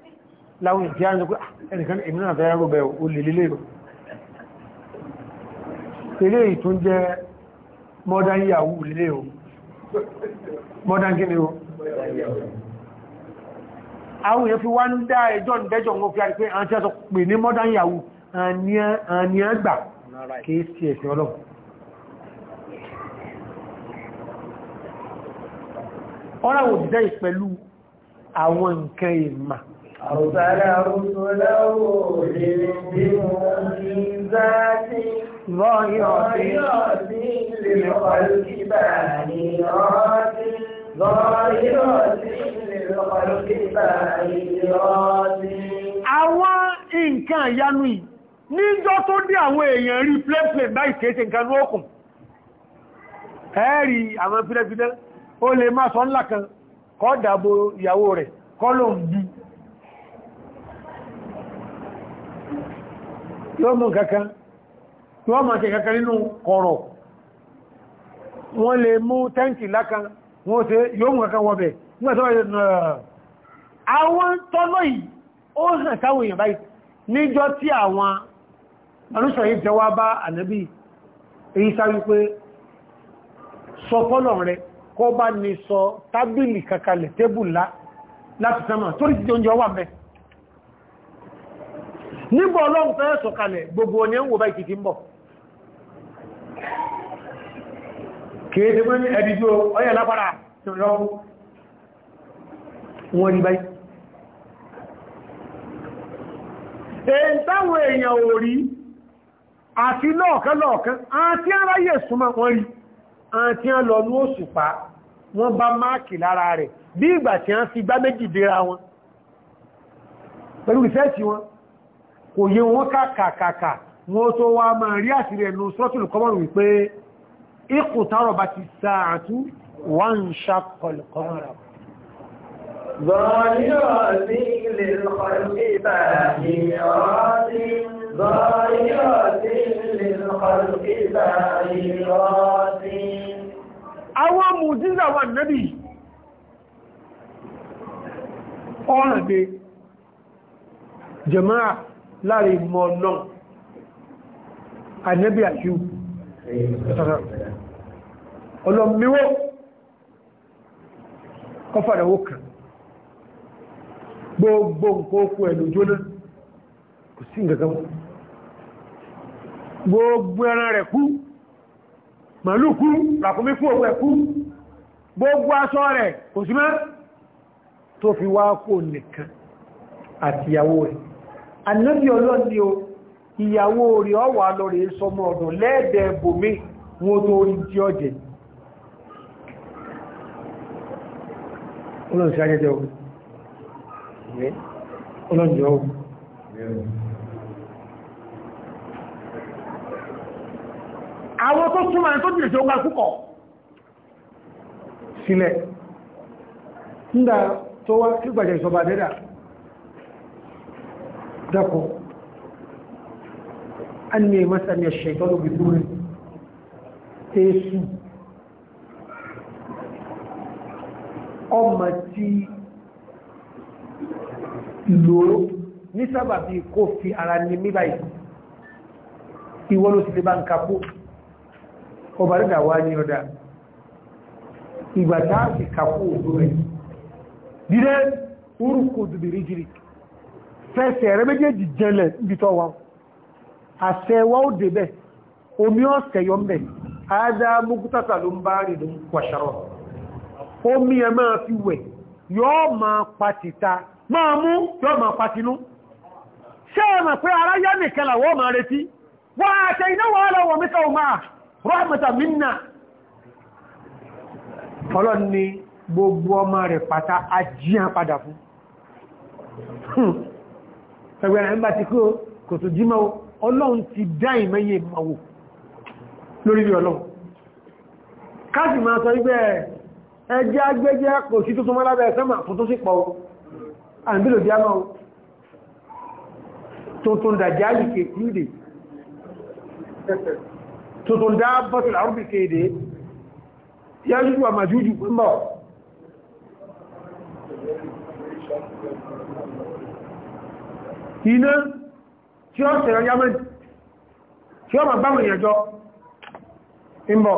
láwọn ìjẹ́ àjọ pé ah, ẹnìkan ìmìnà fẹ́ rọ̀ bẹ̀rẹ̀ o lè lélẹ̀ rọ̀ pẹ̀lú ìtún jẹ́ modern yahoo lélẹ̀ o modern gíní o àwọn èèyàn fi wá ń dá ẹjọ́ ìdẹ́jọ́ wọn fi àrí pé àwọn tí a sọ pè ní modern yahoo àwọn nǹkan ìmà أرسل رسله بالمعجزات ظاهرة للخلق بانيات ظاهرة للخلق بانيات àwọn nǹkan ìyanu yìí níjọ́ tó dé àwọn èèyàn rí plẹ́plẹ̀ báyìí kéèkéé nǹkan ní òkùn ẹ̀ẹ́rì àwọn pílẹ́pílẹ́ ó lè máa sọ ńlá kan kọ́ dàbò ìyàwó rẹ̀ kọ́ lóun bí yọ́ mọ̀ kankan tí wọ́n máa ṣe kankan nínú kọ̀rọ̀ wọ́n lè mú tẹ́ǹkì lákan wọ́n ṣe yóò mú kankan wọ́bẹ̀ àwọn tọ́lọ́ yìí ó hàn sáwọn èèyàn báyìí níjọ́ tí àwọn manúṣọ̀ yìí jẹ́ wá bá ànábì èyí sáré pé sọ fọ́lọ̀ rẹ̀ kọ́ bá ní sọ tábìlì láti sánmà torí ti jẹ́ oúnjẹ wà mẹ́ nígbà ọlọ́run fẹ́ sọ̀kalẹ̀ gbogbo ọ̀nà ń wò bá ìkìkì ń bọ̀ kìí tí wọ́n ní ẹ̀dìjú ọyẹ̀ lápára lọ́wọ́ wọ́n rí báyìí èyí táwọn èèyàn ò rí àti lọ́ọ̀kẹ́ lọ́ọ̀kẹ́ àti aráyè súnmọ́ wọ́n rí àti lọ ní òṣùpá wọ́n bá máàkì lára rẹ̀ bí ìgbà tí wọ́n fi gbá méjì dé ra wọn pẹ̀lú ìfẹ́ sí wọn kò yé wọn kàkàkàkà wọn tó wá máa rí àtìrí ẹnu sọ́tùlù kọmọ̀rù wípé ìkùtàrọ̀ bá ti sáàtú wọ́n ṣàkọlù kọmọ̀rù Àwọn mùjíza wà lára ìmọ̀ náà ànẹ́bí àjú ọlọ́míwó kọfàdàwó kan gbogbo nǹkan okú ẹ̀lú jóná kò sí ǹkankan gbogbo ẹran rẹ̀ kú màálù kú ràkúnmí kú òwú ẹ̀kú gbogbo aṣọ rẹ̀ kò sí mẹ́ tó fi wá kó nìkan àtìyàwó rẹ̀ ànábì ọlọ́ni o ìyàwó rẹ̀ ọwà lọ rẹ̀ sọmọ ọ̀dọ̀ lẹ́ẹ̀dẹ̀ bòmí wọn tó rí tí ọ jẹ àwọn tó súnmọ̀ tó jìrì tí ó gbá púpọ̀ sílẹ̀ ń si tó wá kí ìṣọba dẹ́dà dako an ne masaniyar shekaru bidurin tesu ọmọ tí lò ní sábàbí kó fi ara ní mílá ìwọ́n ló ti lè bá ń kapó ọba rẹ̀ dáwà ní ọ̀dá ìgbàtà àti kapó òdó rẹ̀ dídẹ́ orúkọ dùbìrí jìrìkì fẹsẹ̀ rẹ méjèèjì jẹlẹ̀ níbi tọ́ wa àṣẹ wa ó débẹ̀ omi ọ̀sẹ̀ yọ mẹ́ àádá múkútàtà ló ń bá rìn ní wàṣàrọ̀ omi ẹ máa fi wẹ̀ yọ́ máa patìta máa mú yọ́ máa patinú ṣé ẹ mọ̀ pé ara yá nìkan làwọ́ máa retí wà àtẹ pẹ̀gbẹ̀ ẹ̀mbà ti kó kò tó jímọ̀ ọlọ́run ti dá ìmẹ́yẹ ìmọ̀wò lórí rí ọlọ́run káàkì máa sọ ibẹ̀ ẹjẹ́ agbẹ́jẹ́ kò sí tó tó mọ́ lábẹ́ ẹ̀sẹ́mà tó tó sì pọ̀ yájújú àmàjújú pẹ́mbọ̀ iná tí ó sẹ̀rọ yamani tí ó ma bá wọn ìyànjọ́ ìmọ̀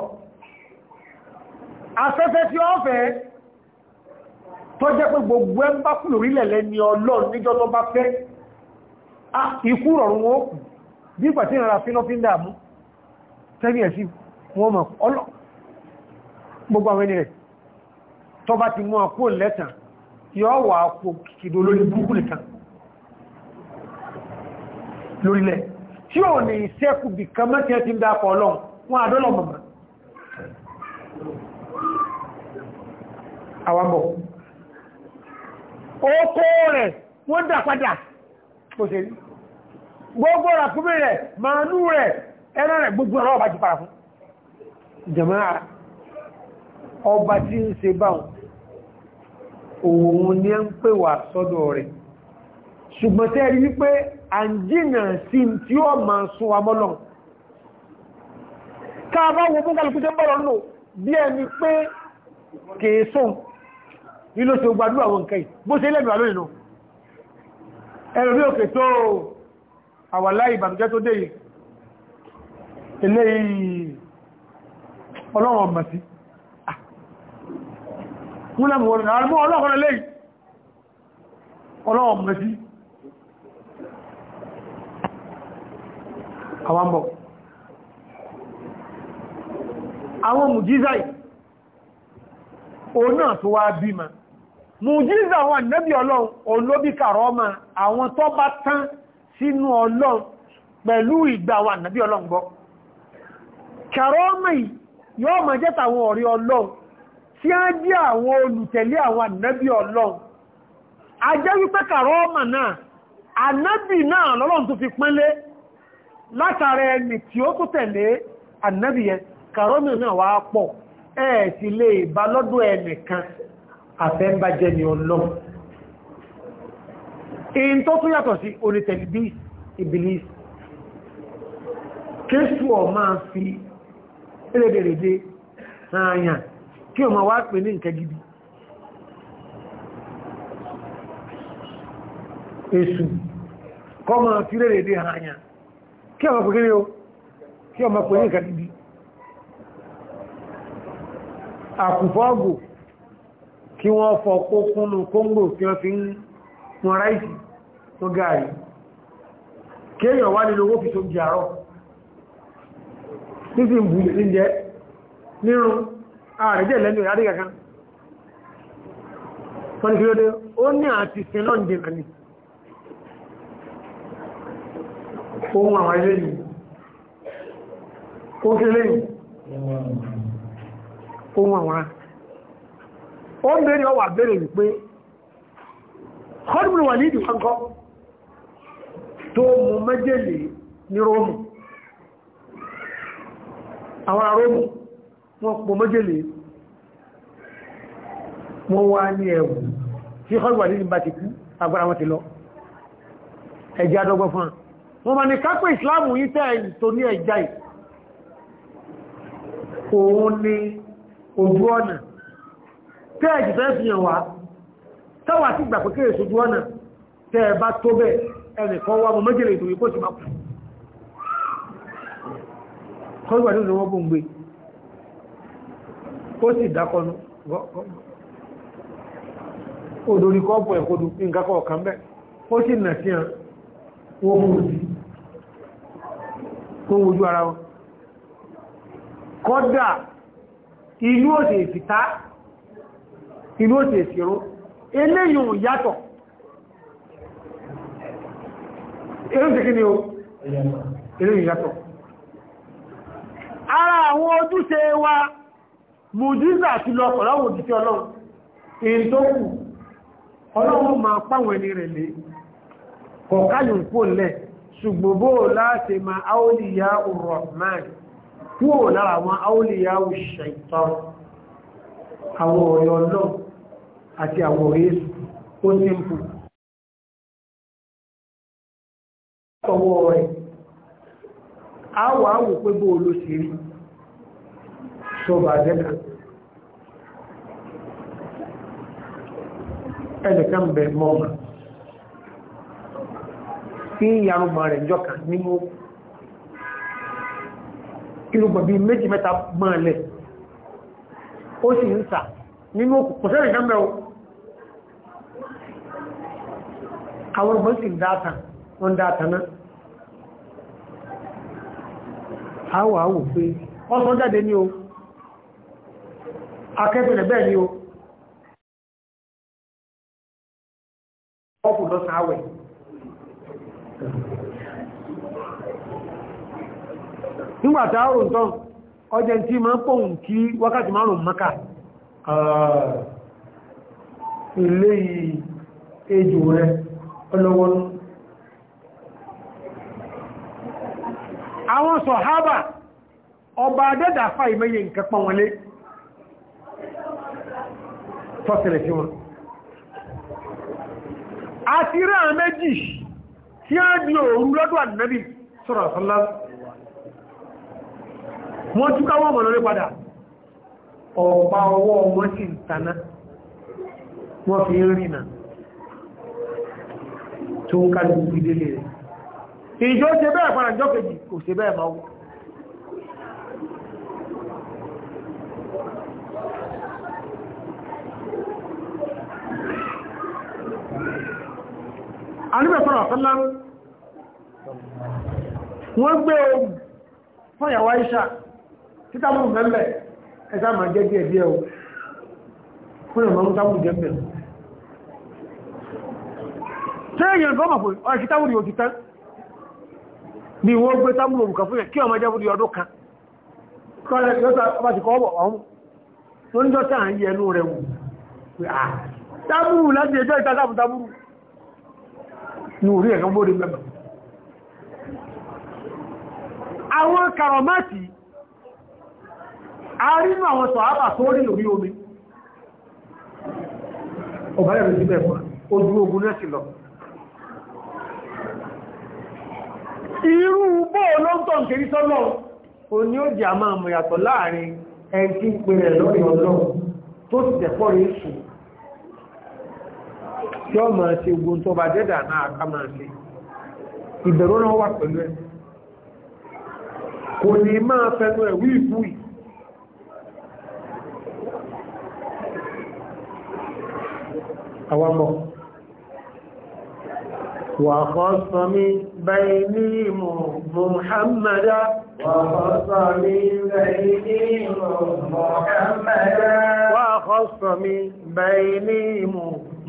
afẹ́fẹ́ tí ó fẹ́ tó jẹ́ pé gbogbo ẹ bá kú lórílẹ̀ lẹ́ni ọlọ́run níjọ́ tó bá fẹ́ ikú rọrùn wọn bí pàtí ìrànlá fínlọ́fíndà mú tẹ́rí ẹ̀ sí wọn mọ̀ ọlọ́ gbogbo àwọn ẹni rẹ̀ tó bá ti mú àkó lẹ́tàn yọ́ wà á kìdó lórí búkú nìkan lórílẹ̀ tí ò ní ìṣẹ́kù bí kan ti ń dápọ̀ ọlọ́run wọn àdọ́lọ̀ mọ̀mọ̀ àwàbọ̀ ókó rẹ̀ wọ́n dà padà kò sí gbogbo ràkúmí rẹ̀ màánú rẹ̀ ẹran rẹ̀ gbogbo ọba ti para fún ọba tí ń ṣe báwọn òun ni ń pè ṣùgbọ́n tẹ́ rí wípé àǹjìnà sí tí ó ma sún amọ́lọ̀ káàbá wo fún kálùkú tẹ́ bọ́rọ̀ lò bí ẹni pé kèèsùn nílò tí ó gbádùn àwọn nǹkan yìí bó ṣe lẹ́bìí alóyìn náà ẹ̀rọ bí òkè tó àwàlá ìbàmìjẹ́ tó dé yìí eléyìí ọlọ́run ah. ọmọ sí ọlọ́run ọmọ sí àwọn mọ̀ àwọn mùjíza yìí òun náà tó wá bí ma mùjíza àwọn ànábì ọlọ́run olóbí kàrọ́mà àwọn tó bá tán sínú ọlọ́run pẹ̀lú ìgbà àwọn ànábì ọlọ́run gbọ́ kàrọ́mà yìí yóò máa jẹ́ tàwọn ọ̀rẹ́ ọlọ́run tí a jẹ́ àwọn olùtẹ̀lé àwọn ànábì ọlọ́run a jẹ́ wípé kàrọ́mà náà ànábì náà lọ́lọ́run tó fi pínlẹ̀ látara ẹni tí ó tó tẹ̀lé ànábìyẹn kàrọ́mì náà wá pọ̀ ẹ̀ sì lè bá lọ́dọ̀ ẹnìkan àfẹ́mbàjẹ́ ni ọlọ́run èyí tó tún yàtọ̀ sí onítẹ̀lì bí ìbìlìs kéṣù ọ máa fi elédèrèdè ààyàn kí o wá pè ní nǹkan gidi èṣù kọ́ máa fi elédèrèdè ààyàn kí ọmọ pèkéré o kí ọmọ pèkéré nǹkan níbi àkùfọ́ọ̀gù kí wọ́n fọ kó kúnnù kóngbò tí wọ́n fi ń wọn ráìsì tó gáàrí kéèyàn wá nínú owó fi tó jàrọ títí ń bùlẹ̀ ní jẹ́ nírun ààrẹ jẹ́ lẹ́nu ìyá dìkàkan wọ́n ni kí ló dé ó ní àti sinlọ́ǹdì náà ohun àwọn ilé yìí kó kí lẹ́yìn ohun àwọn ó ń bèèrè ọwà bèèrè wípé kọ́dùnmù wà ní ìdìkọ́kọ́ tó mú méjèlè ní rómù àwọn rómù wọ́n pọ̀ méjèlè wọ́n wá ní ẹ̀wù tí kọ́dùnmù ní ìbá agbára wọn ti lọ ẹjẹ́ adọ́gbọ́n fún wọ́n ma ní kápẹ́ ìsìláàmù yí tẹ́ ìtò ní ẹja ì òun ni ojú ọ̀nà tẹ́ ẹ̀jì fẹ́ fi hàn wá tẹ́wà sí ìgbà pẹ́kẹ́ ìṣojú ọ̀nà tẹ́ ẹ bá tó bẹ́ ẹnìkan wá mọ́ méjìlè ìtòyí kó sì máa kù kọ́gbà ó sì nà sí hàn wọ́n mú sí kó wojú ara wọn kọ́dà ìlú òsè ìfìta ìlú òsè ìsìró eléyìn yàtọ̀ eléyìn kí ni o eléyìn yàtọ̀ ara àwọn ojúṣe wa mùjíza ti lọ ọ̀láwò òjíṣẹ́ ọlọ́run èyí tó kù ọlọ́run ma pàwọn ẹni rẹ̀ lé kọ̀ọ̀káyùn kó lẹ́ẹ̀ ṣùgbọ́n bó láti ma áúlìyà Rahman kúrò lára àwọn áúlìyà Shaitan àwọn ọ̀yọ̀ náà àti àwọn orísù ó ní mpù ọwọ́ rẹ̀ àwọ̀ àwọ̀ pé bó ló sì rí sọ́bà jẹ́nà ẹnìkan bẹ̀ fi ń yarùnmọ̀ rẹ̀ jọ kan nínú irùgbọ̀n bí méjì mẹ́ta mọ́ọ̀lẹ̀ ó sì ń sà nínú òkú kò sẹ́rẹ̀ o àwọn ọgbọ̀n sì dátan wọ́n dátan náà àwọ̀ àwọ̀ pé ọsán jáde ní o akẹ́bẹ̀rẹ̀ bẹ́ẹ̀ ni o nígbàtà àrùn tán ọjẹ́ tí ma ń pòun kí wákàtí márùn maka ilé ejò rẹ ọlọ́wọ́nú àwọn sọ̀hábà ọba adẹ́dà fà ìmẹ́yẹ nǹkan pọ̀ wọlé tọ́sẹ̀lẹ̀ sí wọn àti rẹ̀ méjì tí a ní òun lọ́dọ̀ sọ́rọ̀ sọ́lọ́sọ́ wọ́n túká wọ́n mọ̀lọ́rí padà ọ̀pá ọwọ́ wọ́n sì ń taná wọ́n fi ń rìnà tó ń kálù ìdílé rẹ̀ ìjọ ṣe bẹ́ẹ̀ padà jọ kejì kò ṣe bẹ́ẹ̀ máa wọ́n gbé ohun fún ìyàwó títàbù mẹ́mẹ́ ẹ̀sá máa jẹ́ díẹ̀ díẹ̀ o fún ìrìnà mọ́mútàbù jẹ́ mẹ́ tí èyàn gọ́mà fún ọ̀rẹ́ títàbù rí òtítán ni wọ́n gbé tábù òrùkà fún kí ọmọ jẹ́bù rí ọdún kan kọ́lẹ̀ yọ́ta ọba ti kọ́ ọ̀hún tó ń jọ́ta à ah, àwọn kàrọ̀mátì a rínú àwọn sọ̀hábà tó rí lórí omi ọ̀bẹ̀rẹ̀ rẹ̀ síbẹ̀ fún ojú ogun náà sí lọ irú bó lọ́ntọ̀ kìí sọ́lọ́ o ni ó jẹ́ àmà àmìyàtọ̀ láàrin ẹ̀kí pẹ̀rẹ̀ lórí ọlọ́ tó àwọ́bọ̀ wà kọ́sọ mi báyìí ní mọ̀hánmàdá wà kọ́sọ mi báyìí ní mọ̀hánmàdá wà kọ́sọ mi báyìí ní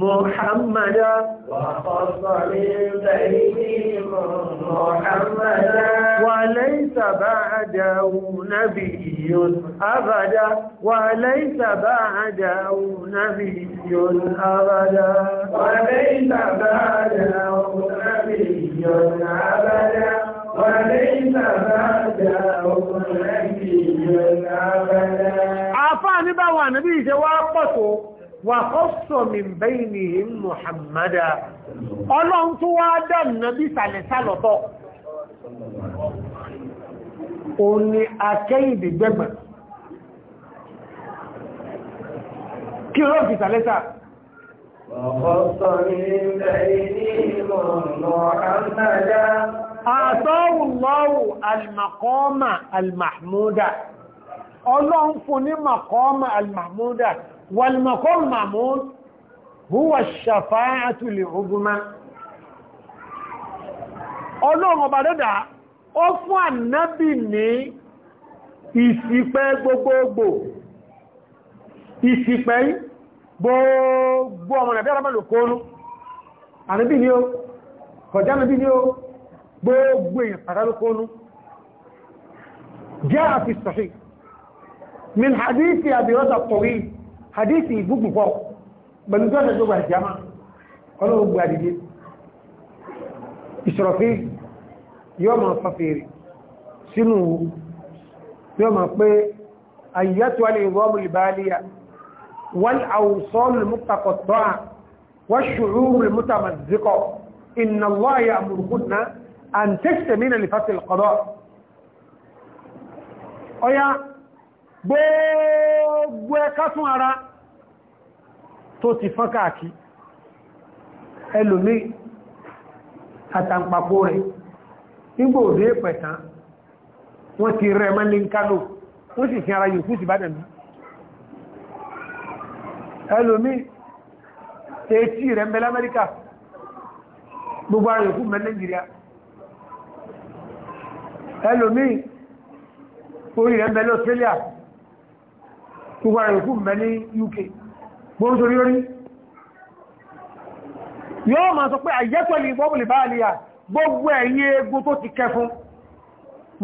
mọ̀hánmàdá وخص من بينهم محمدا وليس بعده نبي أبدا وليس بعده نبي أبدا وليس بعده نبي أبدا وليس بعده نبي أبدا àfáà ní báwọn ànábì ìṣe wá pọ̀ tó وخص من بينهم محمدا ọlọ́run tó wá dán nàbí sàlẹ̀sàlọ̀tọ̀ o ni akẹ́yìndì gbẹ̀gbẹ̀ kí ló fi sàlẹ̀sà Àtọ́wùlọ́wù al-maqama al-mahmuda. Ọlọ́run fún ní والمقام المعمول هو الشفاعة العظمى ọlọ́run ọba dọ́dà ó fún ànábì ní ìsìpẹ́ gbogbogbò ìsìpẹ́ gbogbo ọmọ nàbí arábàlò kóónú ànábì ní ó kọjá nàbí ní ó gbogbo èèyàn pàtàlù kóónú jẹ́ àfisàfí min hadithi àbírọ́ta tọ̀wí hadithi ìbúkù pọ̀ pẹ̀lú tó ṣẹ̀ṣọ́ gbà ìjàmá ọlọ́run gbà dìde ìṣòròfí yóò máa fàfèrè sínú yóò máa pé ayyatu al-idhamu al-baliya wal awsal al-muqatta'a wash shu'ur gbogbo ẹka fún ara tó ti fán káàkì ẹlòmí àtàǹpàpò rẹ̀ nígbò òdé pẹ̀tàn wọ́n ti rẹ̀ mọ́ ní kánò wọ́n sì fi ara yòókù ti bá dẹ̀mí ẹlòmí ètí rẹ̀ mẹ́lẹ́ amẹ́ríkà gbogbo ara yòókù mẹ́ nàìjíríà ẹlòmí orí rẹ̀ mẹ́lẹ́ australia gbogbo ara yòókù mẹ́ ní uk gbóòrùn sórí orí yóò máa sọ pé àyẹ́pẹ̀lì ìbọ́bùlì bá àlìyà gbogbo ẹ̀yẹ egun tó ti kẹfún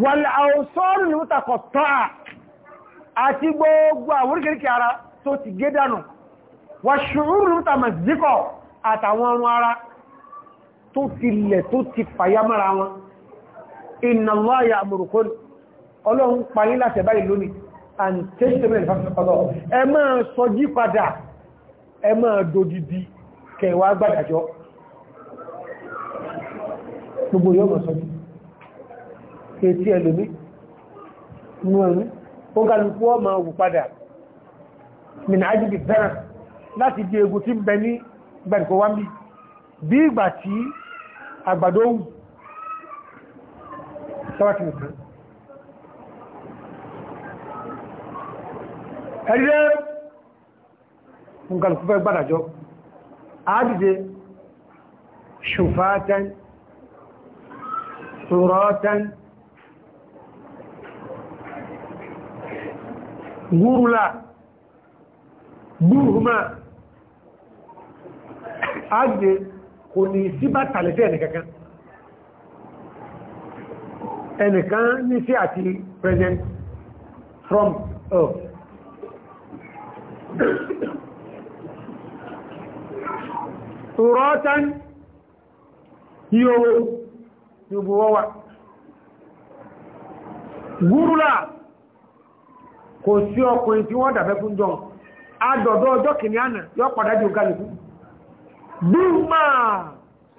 wà àwọ̀sọ́rù ní mútàkọ̀ tọ́à àti gbogbo àwóríkèríkè ara tó ti gé dànù wà ṣùúrù ní mútàmọ̀ zíkọ̀ àtàwọn ọrùn ara ẹ máa dodidi kẹwàá gbàdàjọ́ gbogbo yóò mọ̀ sọ́jú kẹtí ẹlòmí inú ẹ̀rùn ó gálùkú ọ máa wù padà mìnà ájìbì bẹ́rẹ̀ láti di egun tí ń bẹ ní gbẹ̀rẹ̀kọ́ wá mí bí ìgbà tí àgbàdo wù sọ́wọ́tí nìkan ẹ̀rẹ́ nǹkan kúfẹ́ gbàdàjọ́ àádìde ṣùfàátán ṣùrọ́tán gúrùlà gúrùmá àádìde kò ní síbá tàlẹ̀fẹ́ ẹnìkankan ẹnìkan ní sí àti president Trump oh tòrọ́tán yíowó yíowówà gúrúlà kò sí ọkùnrin tí wọ́n dàfẹ́ fún john adọ̀dọ̀ ọjọ́ kìíní ànà yọ padà di ògálùkú bí máa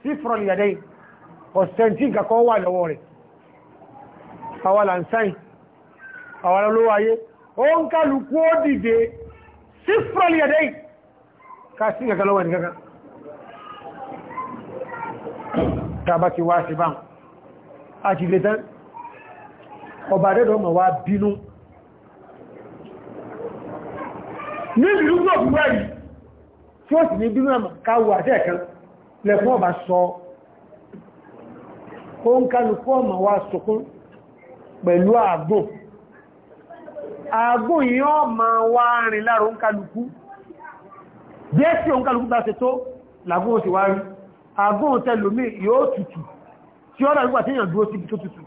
sí fọ́rọ̀lì yàdẹ́ ọ̀sẹ̀ntí ìkàkọ́ wà lọ́wọ́ rẹ̀ àwọn lànsáì àwọn olówáyé ó ń kálùkú ó dìde sí fọ́rọ̀lì yàdẹ́ kà sí ìkàkọ́ lọ́wọ́ ẹnìkankan tàbá ti wá sí báhùn àti lè tán ọba rẹ̀dọ̀ mọ̀ wá bínú níbi ìlú náà fún ẹ̀yí tí ó sì ní bínú àmà káwù àti ẹ̀kan lẹ́fún ọba sọ ó ń kánu fún ọmọ wá sọkún pẹ̀lú àgbò àgbò yìí ọ ma wá rìn láàrùn kálukú bí ẹ́ sí òun kálukú bá ṣe tó làgbò ó sì wá rí agún tẹlùmí yóò tutù tí ó ràgbà tí yàn dúró sí tó tutù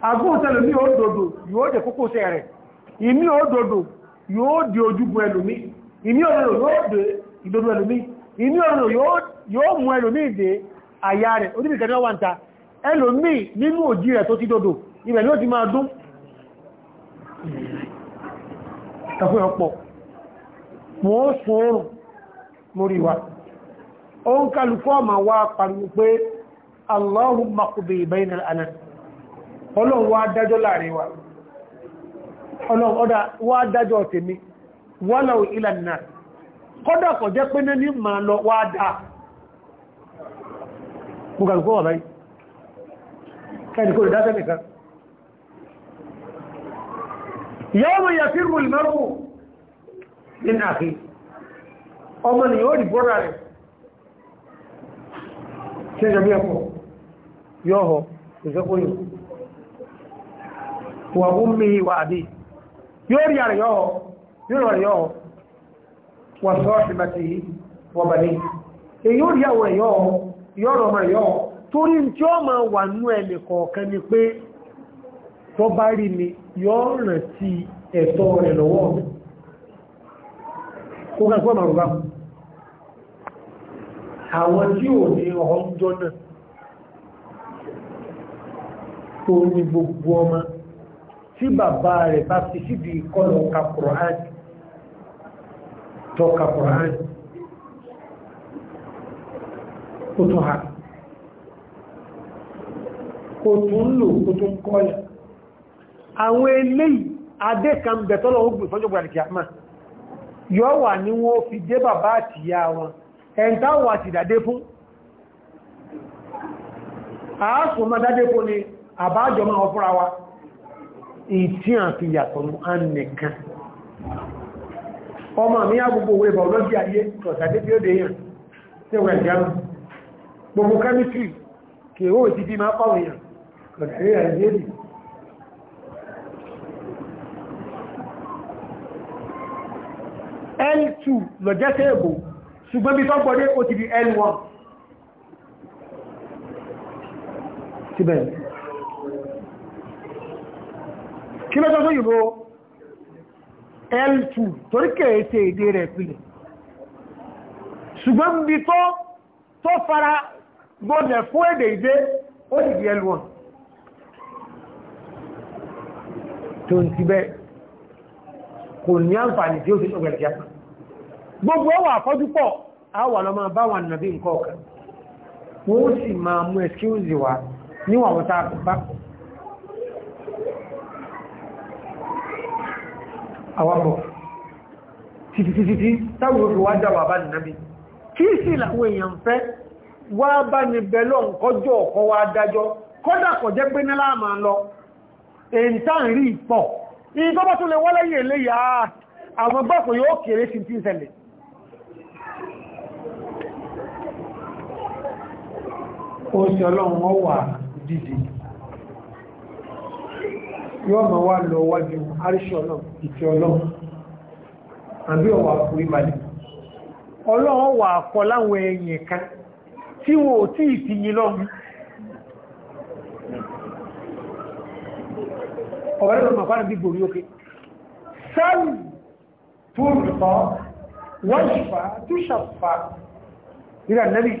agún tẹlùmí ó dòdò yóò dẹ̀ kókó sẹ rẹ̀ ìmí ó dòdò yóò di ojúgun ẹlùmí ìmí yóò dé ìdòdò ẹlùmí ìmí òdòdò yóò mú ẹlùmí àyà rẹ̀ dòdò ó ń kálukú ọmọ wá pariwo pé Allahumma qdi bayna lana ọlọ́run wá dájọ́ láàrin wa ọlọ́run ọdá wá dájọ́ tèmi walaw ila an-nar kọ́dà kọ̀ jẹ́ pé ní ma lọ wá dáa mú kàlùkú wà báyìí ọmọ ni yóò rí bọ́ra rẹ̀ ṣe ìjọba ẹ̀kọ́ yọ́họ̀ ìṣẹ́kóyò wà ummi wà àbí yóò rí àrẹ yọ́họ̀ yóò rẹ̀ yọ́họ̀ wà sahibati wà bani èyí ó rí àwọn ẹ̀yọ́họ̀ torí tí ó wà nú ẹnì kọ̀ọ̀kan ni pé tó bá rí mi yọ́ rántí ẹ̀tọ́ rẹ̀ lọ́wọ́ kó màrùn-ún àwọn tí ò ní ọjọ́ náà tó ní gbogbo ọmọ tí bàbá rẹ̀ bá fi síbi ìkọlù kàkùrán tó kàkùrán kò tún ha kò tún lò kò tún kọ́yà àwọn eléyìí adé kan bẹ̀tọ́lọ̀ ó gbè fọ́jọ́gbà àdìkì yọ́ wà ní wọ́n fi dé bàbá àtìyà wọn ẹ̀ntá wà ti dàdé fún àásùn ma dàdé fún ni àbájọ ma wọ́n fúnra wa ìtí àti yàtọ̀nù annìkan ọmọ mi á gbogbo owó ìbọ̀lọ́gí ayé tọ̀sàdé tí ó dé yàn tí wọ́n ẹ̀jẹ́ mú gbogbo kẹ́mítírì kí ó ti bí máa pàwọ̀ èèyàn kọ̀sàdé ẹ̀jẹ́ bì L2 lọ jẹ́ sí ṣùgbọ́n bí tó gbọ́dé ó ti di L1 síbẹ̀ kí mẹ́ta tó yìnbó L2 torí kèése èdè rẹ̀ pìlẹ̀ ṣùgbọ́n bí tó tó fara gbọ́dẹ̀ fún èdè ìdé ó ti di L1 tó ń ti bẹ́ kò ní àǹfààní tí ó fi ṣọ́gbẹ̀rẹ̀ gbogbo ọwà àfọ́jú àwà lọ máa bá wà nàbí nǹkan ọ̀kan wọ́n sì máa mú ẹ̀skíúzì wá níwọ̀n wọ́ta bá àwọ́bọ̀ títítítí táwọn òfin wá dáwà bá nàbí kí sí làwọn èèyàn fẹ́ wá bá ní bẹ̀lọ́ nkọjọ́ ọ̀kọ́ wá dájọ́ kọ́dà kọ̀ jẹ́ pé nílá àwọn gbọ́kọ̀ yóò kéré sí ti ń ṣẹlẹ̀ oṣù ọlọ́run wọ́n wà dìde yóò mọ̀ wá lọ wájú àríṣọ́ ọlọ́run àbí ọ̀wà àkùrí balẹ̀ ọlọ́run wà kọ láwọn ẹ̀yìn kan tí wọ́n ò tí ìfìyìn lọ́run ọ̀rẹ́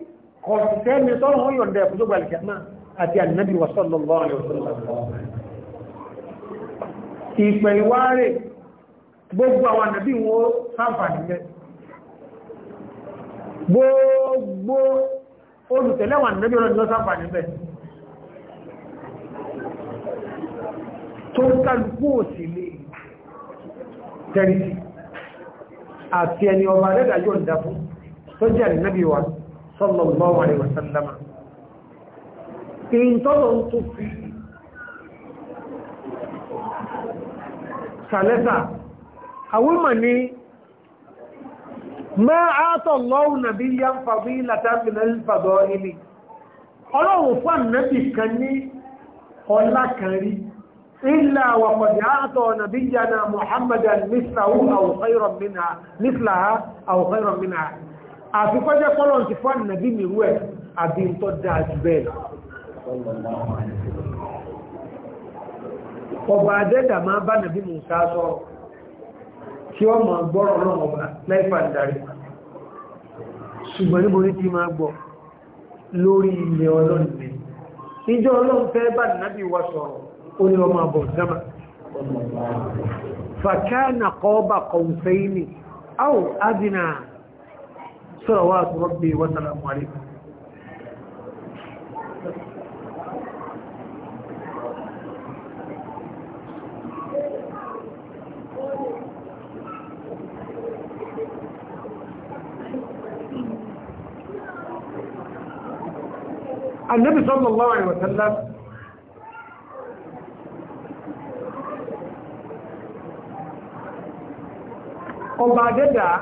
kọ̀ọ̀sìtẹ́ mi tọ́rọ wọ́n yọ̀ndẹ̀ fún sógbà alìkẹ́mà àti ànìyàn wa sallallahu alaihi wasallam ìpẹ̀ ìwárè gbogbo àwọn ànàbí wọn sáfàní mẹ́ gbogbo olùtẹ̀lẹ́wọ̀n ànàbí wọn sáfàní mẹ́ tó ń kálukú òsì lè tẹ́rìtì àti ẹni ọba sallallahu alaihi wasallam èyí tọ́lọ̀ ń tó fi sàlẹ́sà àwọn mọ̀ ní máa àátọ̀ lọ́wọ́ nàbí yá ń fàbí látàbílẹ̀ ìfàdọ̀ ilé ọlọ́run fún ànàbì kan ní ọlá kan rí ilẹ̀ àwọ̀pọ̀dì àátọ̀ nàbí yá na muhammadan nísìláà àwọ̀kọ́ àfikọ́jẹ́ pọ́lọ̀n ti fún ànàbí mìírù ẹ̀ àbí ń tọ́ dáa jù bẹ́ẹ̀ lọ. ọba adẹ́dà máa bá nàbí Mùsá sọ kí ọ ma gbọ́rọ̀ náà ọba láìpà ìdarí ṣùgbọ́n níbo ní ti máa gbọ́ lórí ilẹ̀ ọlọ́nìyàn ìjọ ọlọ́run fẹ́ bá nàbí wa صلوات ربي وسلام عليكم النبي صلى الله عليه وسلم ọba ذلك.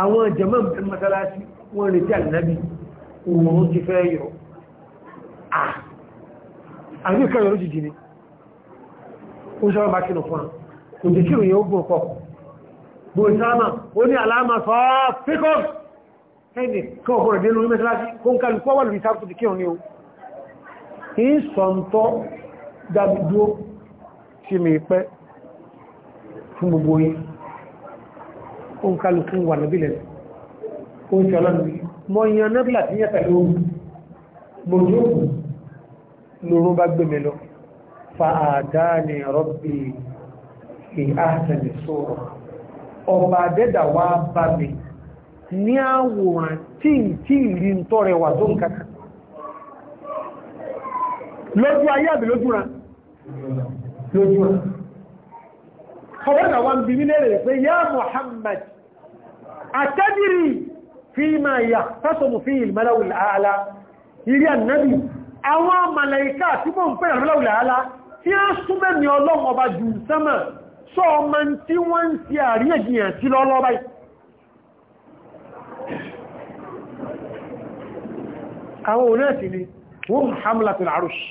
àwọn jẹmọ́ mọ́sálásí wọ́n retí ànábì òun ti fẹ́ yọ àbí kan yọrọ jìjì ni ó ṣọ́rọ̀ bá kí nù fún kò jẹ́ kí òyìn ogun ọkọ̀ bó ìsáàmà ó ní aláàmà sọ fíkọ́ ẹni kọ́ ọkọ̀ rẹ̀ lórí mẹ́sálásí kó ń kàlù pọ́wọ́ òun kálukú wà níbílẹ̀ òun tí ọlọ́nu mọ́ yan nábìlà tí yẹ́ pẹ̀lú ohun mo jókòó lórún bá gbé mi lọ fa àdáni rọ́bì kì á tẹ̀lé sóòrọ̀ ọba àdẹ́dà wá bá mi ní àwòrán tí tí ìrí ń tọ́rẹ wà tó ń kàkà lójú ayé àbí lójú rán lójú rán ń bi mí lérè pé yá Muhammad àtẹ́dìrì fi ma yà tásọ̀mù fi ìlmẹ́lẹ́wù láàlá ìrí ànábì àwọn màlàíkà tí mọ́ ń pè ìlmẹ́lẹ́wù láàlá tí a súnmẹ́ mi ọlọ́run ọba jù sẹ́mẹ̀ sọ ọmọ tí wọ́n ń ti àríyànjiyàn sí lọ́lọ́bá àwọn onẹ́ẹ̀sì ni wọ́n hamlatul arush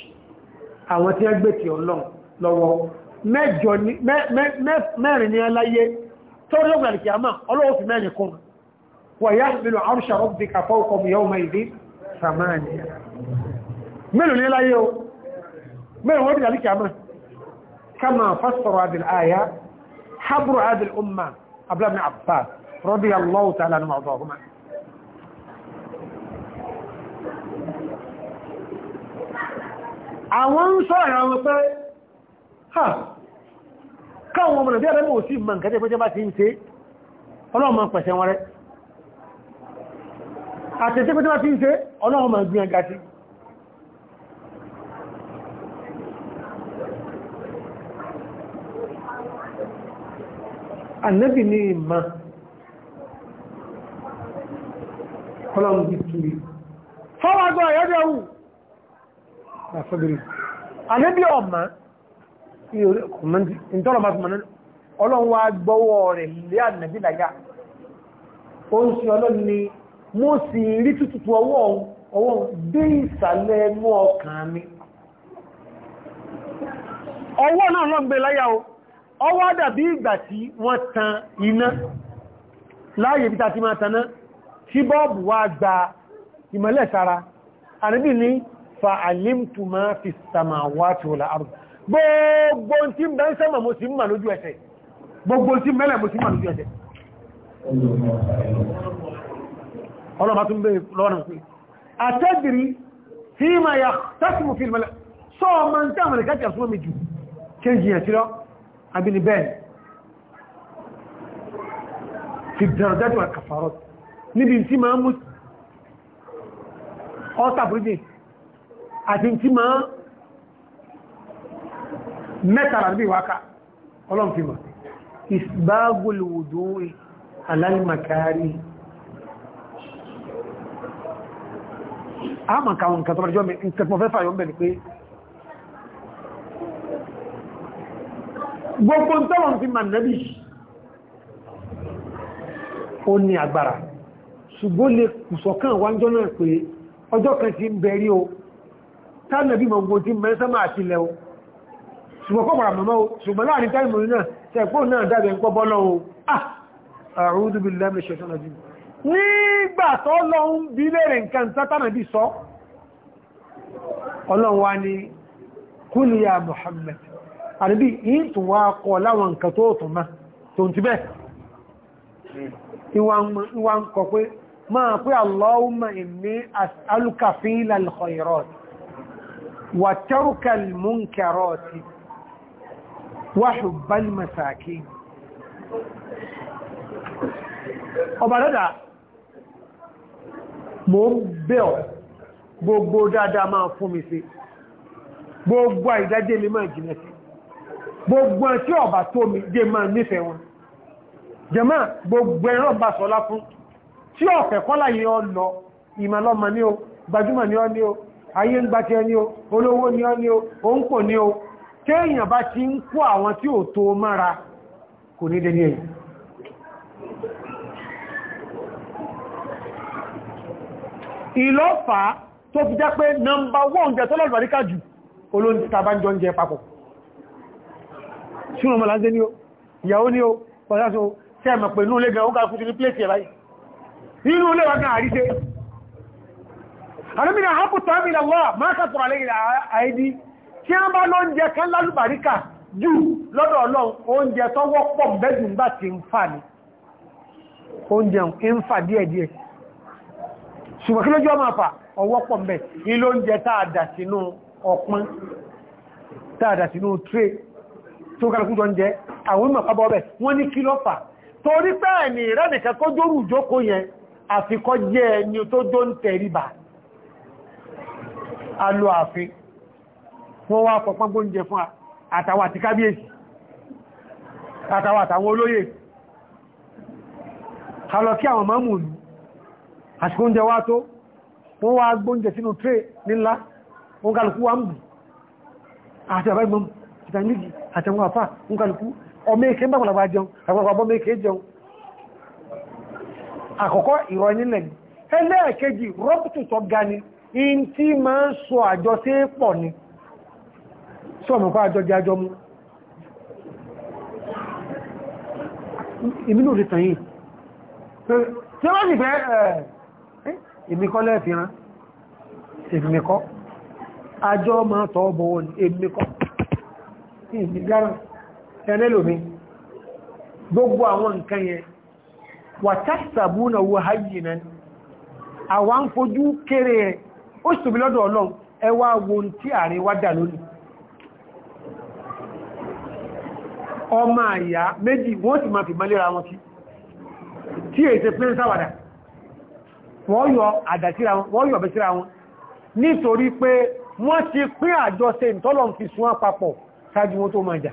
تور يوم الكيامة الله في مان يكون ويحمل عرش ربك فوقهم يومئذ ثمانية منو ليلا يو منو وابن الكيامة كما فسر هذه الآية حبر هذه الأمة قبل ابن عباس رضي الله تعالى معظمهم àwọn ń sọ àwọn pé ha káwọn ọmọ nàìjíríà rẹ̀ mọ̀ sí mọ̀ nǹkan tẹ́ bá ti ń ṣe ọlọ́ọ̀mọ̀ pẹ̀sẹ̀ wọn rẹ̀ àtẹ̀tẹ́ pẹ̀sẹ̀ bá ti ń ṣe ọlọ́ọ̀mọ̀ gbìyànjá sí annabi ní ìmá ọlọ́run bí kiri fọ́wọ́ ọlọ́run wá gbọ́wọ́ rẹ̀ lé ànàbí láyá ó ń ṣe ọlọ́run ni mo sì rí tútùtù ọwọ́ ọwọ́ dé ìsàlẹ̀ mú ọkàn mi ọwọ́ náà lọ gbé láyá o ọwọ́ dàbí ìgbà tí wọ́n tan iná láàyè bí tàbí máa taná tí bọ́ọ̀bù wá gba ìmọ̀lẹ̀ sára àníbì fa alimtuma fi samawati wal ardi gbogbo tí ń bẹ ń sẹ́mọ̀ mo sì ń mà lójú ẹsẹ̀ gbogbo tí mẹ́lẹ̀ mo sì ń mà lójú ẹsẹ̀ ọlọ́bà tún bẹ́ lọ́nà pé àtẹ́dìrí tí ma yà tẹ́sìmù fi mẹ́lẹ̀ sọ ọmọ ń tẹ́ àmàlẹ̀ káàkiri àsúnmọ́ mi jù kéjì ẹ̀ sílọ́ abini bẹ́ẹ̀ fi dẹ̀rọ̀dájú àkàfàrọ̀ níbi tí ma ń mú ọ́sàbúrídì mẹ́tàrà bí wákà ọlọ́mfimọ̀ ìsbágùlùwùdó alálìmàkárí a mọ̀ káwọn nǹkan tó rẹ̀ jọ́ mi nǹkan fẹ́ fàyọ́ mẹ́rin pé gbogbo tọ́wọ́n fi mà nẹ́bí ó ní agbára ṣùgbọ́n lè kùsọ̀kán wájọ́ náà pé ọjọ́ kan ti ń bẹ̀rí o tánàbí mọ̀ gbogbo ti mẹ́sánmà àti ilẹ̀ ṣùgbọ́n kọ́ pàrà mọ́mọ́ ṣùgbọ́n láàrin táìmù náà tẹ́ẹ̀kọ́ náà dábẹ̀ ń pọ́bọ́ lọ́wọ́ àrùdù bí lẹ́mì ṣẹ̀tọ́nà jù nígbà tó lọ́un bí lẹ́rẹ̀ nǹkan sátánà bí sọ ọlọ́run wá ní kúlìyà Muhammad àríbí yìí tún wá kọ láwọn Allahumma inni as'aluka fílal khairat wa tarkal munkarati وحب المساكين ọba lọ́dà mo ń bẹ̀ ọ́ gbogbo dáadáa máa fún mi sí gbogbo àìdájé mi máa jìnà sí gbogbo tí ọba tó mi jẹ máa nífẹ̀ẹ́ wọn jẹmá gbogbo ẹran bá sọlá fún tí ọ̀fẹ́ kọ́lá yẹ ọ lọ ìmọ̀lọ́mọ ní o gbajúmọ̀ ní o ayé ń gbákẹ́ ní o olówó ní ọ ní o òǹpò ní o téèyàn bá ti ń kó àwọn tí ò tó mára kò ní dẹni ẹ̀yìn ìlọ́fà tó fi jẹ́ pé nọmbà wọ́n jẹ́ tọ́lọ̀ ìbàríkà jù olóhun ń jẹ papọ̀ ṣúnà mọ́lá ní o ìyàwó ní o pọ̀lásọ tẹ́ẹ̀mọ̀ pé inú ilé gan ó kàkùtù ní pléṣì ẹ̀láyìí tí a bá lóúnjẹ kan lálùbáríkà jù lọ́dọ̀ ọlọ́run oúnjẹ tó wọ́pọ̀ bẹ́jù ń bá ti ń fà ní oúnjẹ ń fà díẹ̀díẹ̀ ṣùgbọ́n kí lójú ọmọ àfà ọwọ́pọ̀ mẹ́ ilé oúnjẹ tààdà sínú ọpọ́n tààdà sínú tré tó kàrùkú jọ ń jẹ àwọn ìmọ̀ pàbọ̀ àfin wọ́n wá fọpán gbóúnjẹ fún àtàwà àti kábíyèsí àtàwà àtàwọn olóyè kalọ kí àwọn mọ́mù ìlú àsìkò oúnjẹ wá tó wọ́n wá gbóúnjẹ sínú tré nílá wọ́n kálukú wá ń bù àti àbá ìgbọ́n ìtàníjì àti àwọn àfà wọ́n kálukú ọmọ ni in tí máa ń sọ́ọ̀mù pa àjọjẹ àjọ mú ìmínú rí tàn yìí tí wọ́n sì fẹ́ ìmìkọ́ lẹ́ẹ̀fìran ìmìkọ́ àjọ ma tọ́ bọ̀wọ̀ ní ìmìkọ́ ìgbìgbára ẹlẹ́lòmí gbogbo àwọn nǹkan yẹn wà tásàbú na wo hajji na àwọn fojú kéré ẹ̀ ó sì bí lọ́dọ̀ ọlọ́run ẹwà wo tí àríwádà lónìí ọmọ àyà méjì wọ́n sì máa fi mọ́lẹ́ra wọn kí tí èsẹ pín sáwàdà wọ́n yọ àdàsíra wọn wọ́n yọ bẹ̀síra wọn nítorí pé wọ́n ti pín àjọṣe ìtọ́lọ̀ fi sún àpapọ̀ ṣáájú wọn tó máa jà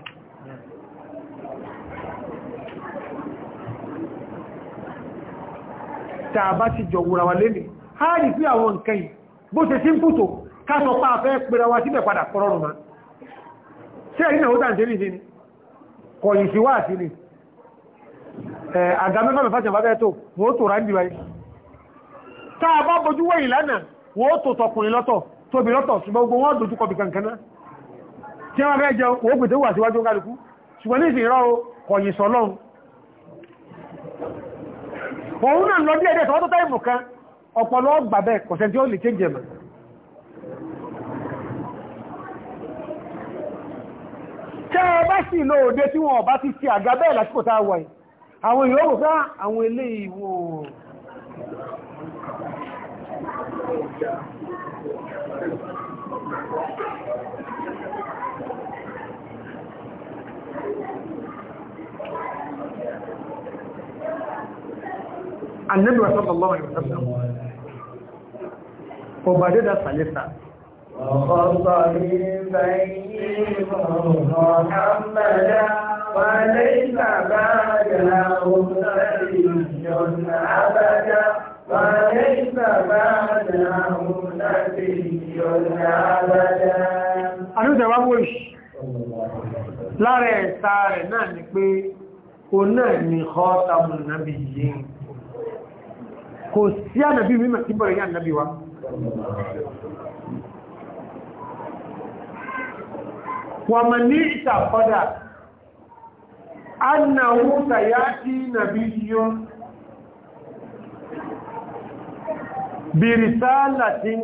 tàbá ti jọ wùra wà lẹ́nìí háàrí pé àwọn nǹkan yìí bó ṣe sí ń pùtò ká sọ pá fẹ́ pèrà wa padà kọrọrùn ma ṣe náà ó dáǹtẹ́rì sí ni kọ̀yìn sí wá àti ni àga mẹ́fà mẹ́fà tẹ̀fà tẹ́tò wọ́n tó ráńdì wáyé tá a bá bojú wọ́ ìlànà wọ́n tó tọkùnrin lọ́tọ̀ tóbi lọ́tọ̀ ṣùgbọ́n gbogbo wọ́n dojú kọbi kankaná tí wọ́n fẹ́ jẹ wọ́n gbèdé wà síwájú kálukú ṣùgbọ́n ní ìsìn rọ́ kọ̀yìn sọlọ́run òun náà lọ bí ẹ̀dẹ̀ tọ́wọ́ tó táìmù kan ọ̀pọ̀lọ́ gbàbẹ́ kọ̀sẹ̀ tí tẹ́ ẹ bá sì lọ òde tí wọ́n bá ti ti àga bẹ́ẹ̀ lásìkò tá wà yìí àwọn èèyàn wò ah, àwọn ilé ìwò Annabi wa sallallahu alaihi wasallam. Obade da وخصر البيت محمدا وليس بعده نبي أبدا وليس بعده نبي أبدا أنت وابوش lára ẹ̀ta rẹ̀ náà ni pé o náà ni ọ́tàmù nàbí yìí kò sí ànàbí mímọ̀ tí wọ́n ní ìtàkọ́dà annahu sayati nabiyyun bi risalatin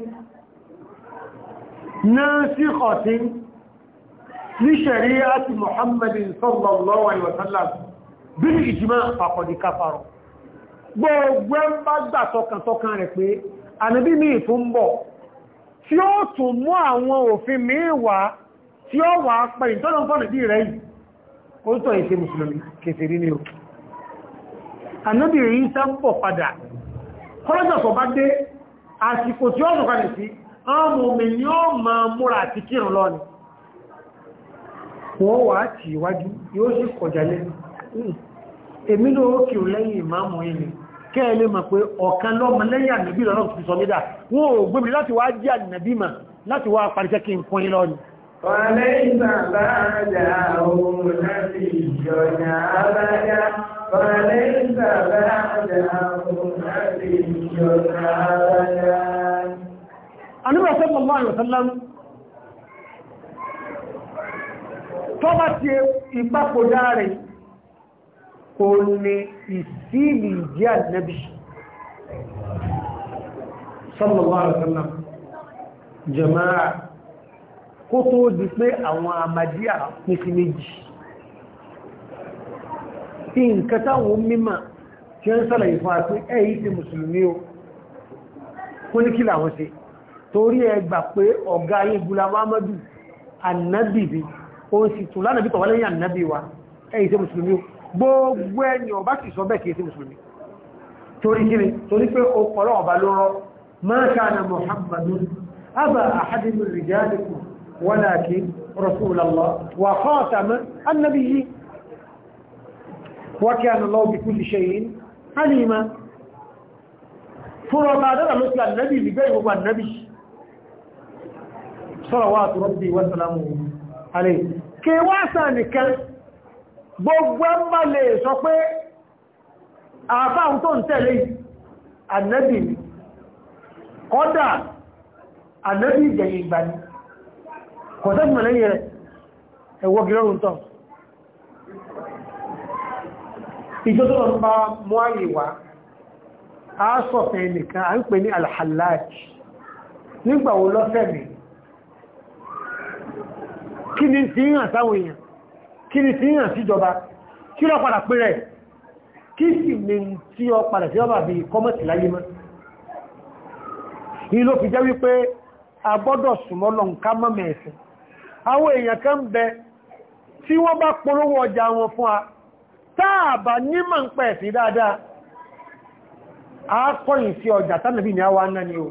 nasikhatin li shari'ati muhammadin sallallahu alaihi wasallam bil ijma faqad kafaro. gbogbo ń bá gbà tọkàntọkàn rẹ̀ pé ànàbí mi ìfún bọ̀ tí ó tún mú àwọn òfin mi wá tí ó wà pẹ̀ ìtọ́lọ̀ fọ́nà bí rẹ̀ yìí ó tọ́ ìṣe mùsùlùmí kèfèrí ní o anábìrì yìí sápọ̀ padà kọ́lọ́jọ̀ tó bá dé àsìkò tí ó sọ̀kalẹ̀ sí ọmọ omi ni ó ma múra àti kírùn lọ ni wọ́n wà tí iwájú yóò sì kọjá lẹ́nu hmm, èmi ló kírù lẹ́yìn ìmáàmù ilẹ̀ kẹ́ẹ̀lẹ́ mọ̀ pé ọ̀kan lọ́mọ lẹ́yìn ànàbí lọ́nà ti sọ mídà wọ́n ò gbẹ́mi láti wá jẹ́ ànàbí mà láti wá kí n kún ilọ́ ni وليس بعدهم نبي أبدا وليس بعدهم نبي أبدا Àníbà sallallahu alaihi wasallam tó bá ti ìpapòdá rẹ̀ kò ní ìsìlì jẹ́ ànábì. Sallallahu alaihi wasallam, jama'a kó tó di pé àwọn amadíà pín sí méjì tí nǹkan táwọn mímọ̀ tí ó ń sọ́lọ̀ ìfún àpín ẹ̀yí ti mùsùlùmí o kó ní kí làwọn ṣe torí ẹ gbà pé ọ̀gá ayé gula muhammadu annabi bi o ń sì tún lánàbí tọ̀wọ́ lẹ́yìn annabi wa ẹ̀yí ti ولكن رسول الله وخاتم النبي وكان الله بكل شيء حليما فرما دار مثل النبي لبيه هو النبي صلوات ربي وسلامه عليه kí wá sànìkan gbogbo ẹmbà lè sọ pé النبي tó ń tẹ̀lé ànẹ́bì kò sẹ́sùn lẹ́yìn rẹ̀ ẹ̀wọ́ gírọ́rùn tọ́ ìjọ tó lọ bá mọ́ àyíwá a sọ̀fẹ́ nìkan a ń pè ní alhallaj nígbàwó lọ́fẹ́ mi kí ni ti hàn sáwọn èèyàn kí ni ti hàn síjọba kí lọ padà pé rẹ̀ kí sì ni tí ọ padà sí ọba bí kọ́mọ̀tì láyé mọ́ ìlò fi jẹ́ wípé a súnmọ́ lọ nǹkan mọ́ mẹ́ẹ̀sìn àwọn èèyàn kan bẹ tí wọ́n bá polówó ọjà wọn fún a táàbà nímọ̀ ń pẹ̀ sí dáadáa a kọ́yìn sí ọjà tánàbí ni a wá náà ni o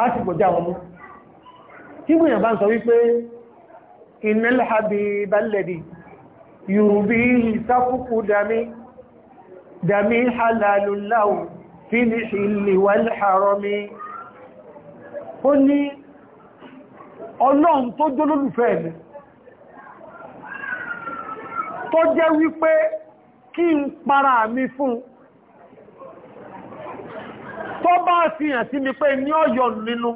a sì gbọ́já wọn mú tí wọ́n bá ń sọ wípé innal habiba alladhi yurbihi dami ó ní ọlọ́run tó jọ lólùfẹ́ mi tó jẹ́ wípé kí n para mi fún tó bá fi hàn sí mi pé ní ọ̀yọ̀ nínú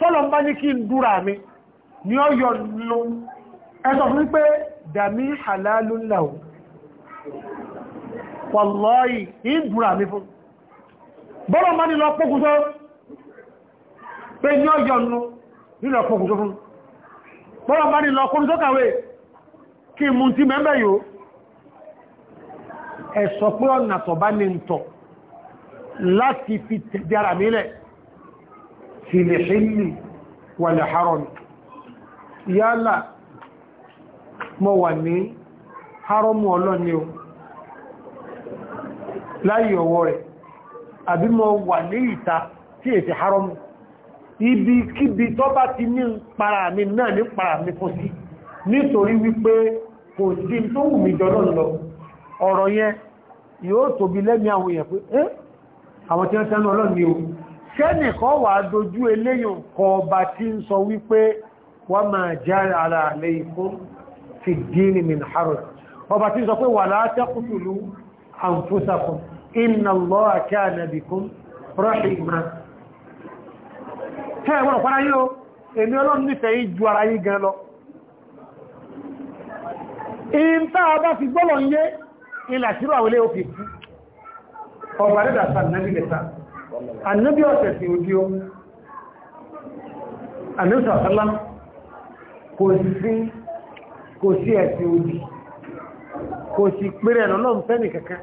tọ́lọ bá ní kí n dúra mi ní ọ̀yọ̀ nínú ẹ̀sọ̀ fún wípé dàmí halalun lahu wallahi dúra mi fún bọ́lọ̀ bá ní lọ ní ọ̀yọ̀ nínú nílọ pọ̀kùn tó fún bọ́rọ̀ bá nílọ kúrú tó kàwé kí mú ti mẹ́bẹ̀ yóò ẹ̀sọ̀ pé ọ̀nà tọ̀ bá ní tọ̀ láti fi tẹ̀jára mílẹ̀ sí lè ṣílì wà lè harọ́mì yálà mọ́ wà ní harọ́mù ọlọ́ni o láyé ọwọ́ rẹ̀ àbí mọ́ wà ní ìta tí èsì harọ́mù ibi kíbi tó bá ti ní para mi náà ní para mi fún sí nítorí wípé kò sí tó wù mí jọ lọ́nà ọ̀rọ̀ yẹn yóò tóbi lẹ́mí àwọn èèyàn pé ẹ́ àwọn tí wọ́n tẹ́nu ọlọ́ni o kẹ́nì kan wà dojú eléyàn kọba tí ń sọ wípé wọ́n máa jẹ́ ara àlẹ́ ikú fi dínì min harrod ọba tẹ́ẹ̀wọ̀n pàdá yíò èmi ọlọ́run nífẹ̀ẹ́ ìjú ara yí gan lọ in táà bá fi gbọ́lọ̀ yé ilẹ̀ àṣírò àwẹlé òkè kú ọgbà rẹ̀ dàtà nàbí lẹ́ta ànábí ọ̀sẹ̀ sí ojú o ànábí ọ̀sẹ̀lá kò sí ẹ̀sì ojú kò sí pẹ̀rẹ̀ ọlọ́run fẹ́ni kankan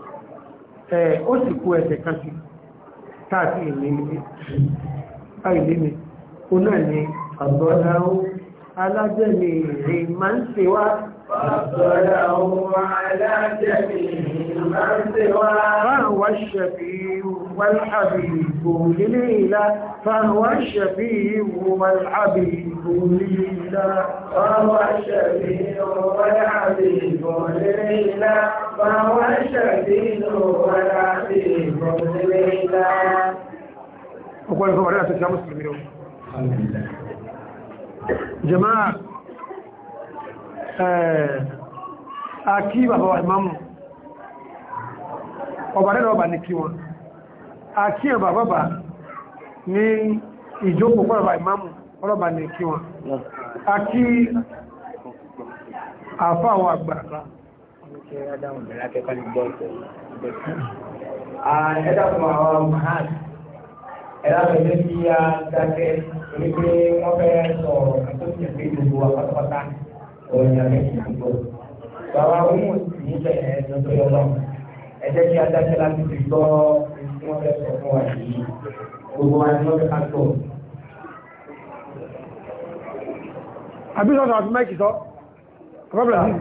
ó sì kú ẹsẹ̀ kan sí káàkiri ilé mi ó náà ni àbọ̀dá ó alájẹ́mi rí máa ń ṣe wá àbọ̀dá ó alájẹ́mi máa ń ṣe wá fáwọn ṣẹ̀bí wọ́n àbí ìgbò nílé ìlà fáwọn ṣẹ̀bí wọ́n àbí ìgbò دون الله فهو الشفيع والعزيز لله فهو الشفيع والعزيز لله أقول لكم رأيت يا مسلمين جماعة akí bàbá wa ìmáàmù ọba rẹ̀ ọba ní kí wọn akí ẹ̀bà bàbá ní ìjókòó pọ̀lọ̀bà ìmáàmù ọlọ́bà ní kí wọn àti àfáwọn àgbà ẹ̀dàkùn àwọn mahad ẹ̀dàkùn ilé kí a dákẹ́ orí pé wọ́n fẹ́ sọ̀rọ̀ àtúnṣe pé gbogbo àpapọ̀ta òyìnbó méjì gbogbo bàbá onímọ̀ sí níbẹ̀ ẹ̀dùn tó yọ náà ẹ jẹ́ kí a dákẹ́ láti fi gbọ́ wọ́n fẹ́ sọ fún wa yìí gbogbo wa ni wọ́n fẹ́ ká sọ̀rọ̀. àbí sọ́sọ́ àti mẹ́kì sọ rọ́bìlà ah.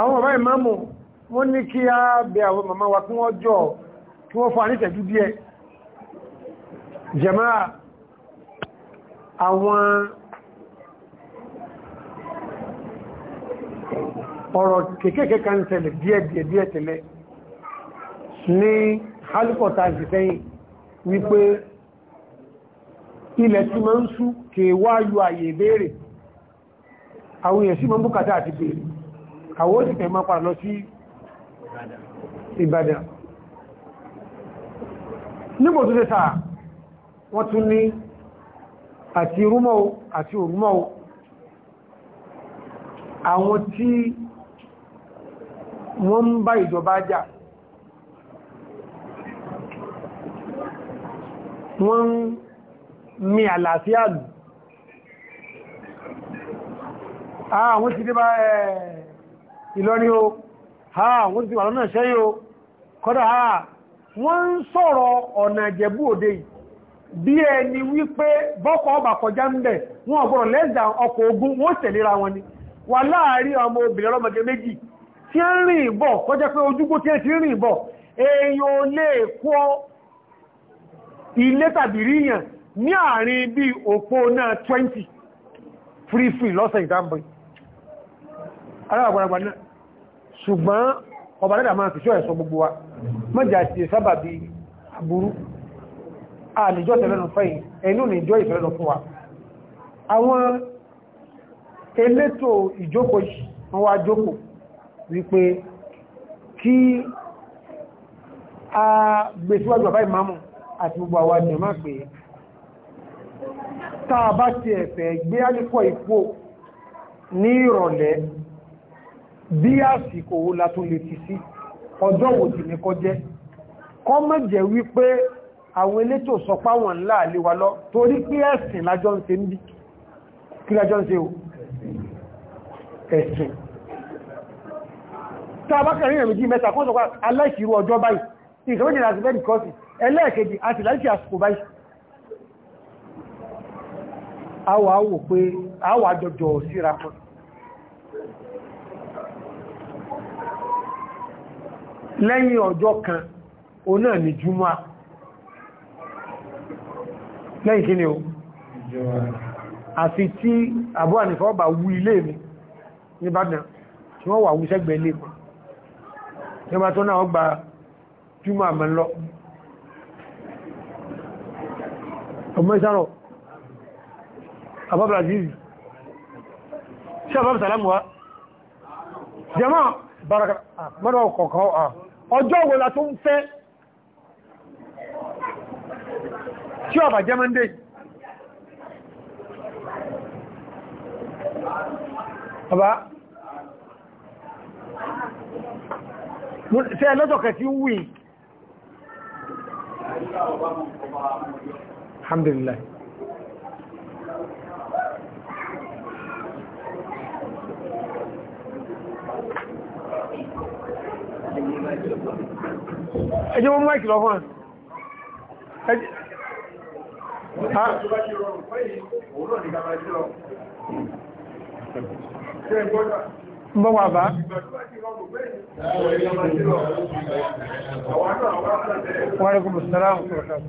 àwọn bàbá ìmáàmù wọ́n ní kí á bẹ àwọn màmá wa kí wọ́n jọ kí wọ́n fún àníṣẹ́jú díẹ̀ jẹmáà àwọn ọ̀rọ̀ kékèké kan tẹ̀lẹ̀ díẹ̀ díẹ̀ díẹ̀ tẹ̀lẹ̀ ní alìkọ̀ta ti sẹ́yìn wípé ilẹ̀ tí ma ń sú kè wáyú àyè ìbéèrè àwọn èèyàn sí ma ń búkàtà àti bèèrè àwọn òsì tẹ̀ máa pàlọ sí Ìbàdàn nígbò tó tẹ́ wọ́n tún ní àti rúmọ́ àti òrúmọ́ àwọn tí wọ́n ń bá ìjọba jà wọ́n ń mi àlàáfíà lù àwọn ti dé bá Ìlọrin o àwọn ti wà lọ́nà ṣẹ́yìn o kọ́dà wọ́n ń sọ̀rọ̀ ọ̀nà Ìjẹ̀bú Òde yìí bí ẹni wípé bọ́kọ̀ ọba kọjá ń bẹ̀ wọ́n ọ̀gbọ̀rọ̀ lẹ́sà ọkọ̀ ogun wọ́n tẹ̀lera wọn ni wà láàárín ọmọ obìnrin ọlọ́mọdé méjì tí ń rìn bọ̀ kọjá pé ojúgbó tí ń rìn bọ̀ èèyàn lè kó ilé tàbí ríyàn ní àárín bí òpó náà 20 free free lọ́sẹ̀ ìdámbọ̀ alábàgbàgbà náà ṣùgbọ́n ọba dẹ́dà máa fìṣọ́ ẹ̀ṣọ́ gbogbo wa mọ́jà ti sábà bí àbúrú àlìjọ́ tẹ̀lẹ́nu fẹ́yìn ẹnú ní ìjọ ìfẹ́lẹ́nu fún wa àwọn elétò ìjókòó wọ́n wá jókòó wípé kí a gbèsíwájú àbá àti gbogbo àwọn àjẹ̀má pé táa bá ti ẹ̀fẹ̀ gbé alípọ̀ ipò ní ìrọ̀lẹ́ bí àsìkò wo la tó lè ti sí ọjọ́ wo sì ní kọjẹ́ kọ́ mọ́ jẹ́ wípé àwọn elétò sọpá wọn ńlá àléwa lọ torí pé ẹ̀sìn lájọ́ ń ṣe ń bí kí lájọ́ ń ṣe o ẹ̀sìn tàbákẹ̀rin ẹ̀mìjì mẹ́ta kọ́ sọpá aláìsìrú ọjọ́ báyìí ìṣẹ́wẹ́jì láti bẹ́ẹ̀ ẹlẹ́ẹ̀kejì àti láti àsìkò báyìí àwọ̀ àwọ̀ pé àwọ̀ àjọjọ síra kan lẹ́yìn ọjọ́ kan o náà ni júmọ́ lẹ́yìn kí ni o àfi tí àbúwà nìkan ọba wú ilé mi ní bádàn tí wọ́n wà wú sẹ́gbẹ̀ẹ́ lè mọ̀ tí tó náà ọgbà júmọ́ àmà lọ ọmọ ìsànà àbá brazil ṣe àbá sàlámù wá jẹmọ́ baraka mọ́rọ̀ kọ̀kọ́ à ọjọ́ ìwòlá tó ń fẹ́ tí ọba jẹ́mọ́ndé ọba ṣe ẹlọ́tọ̀kẹ̀ tí ń wí alhamdulillah ẹjẹ́ mọ́ máìkì lọ fún Mbọ́wà bá. Wọ́n rẹ̀kùnmù sàráhùn fún ọ̀kàtù.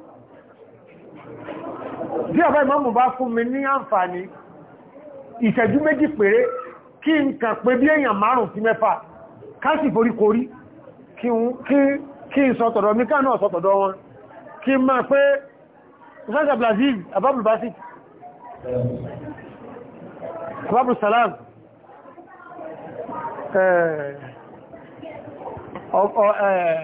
bí ọ̀bá ìmọ́mù bá fún mi ní àǹfààní ìṣẹ́jú méjì péré kí n kàn pé bí èèyàn márùn sí mẹ́fà káàsì foríkorí kí n sọ̀tọ̀dọ̀ mi káà náà sọ̀tọ̀dọ̀ wọn kí n máa pé ṣáṣà brazil abábùl basit abábùl salam eh, eh,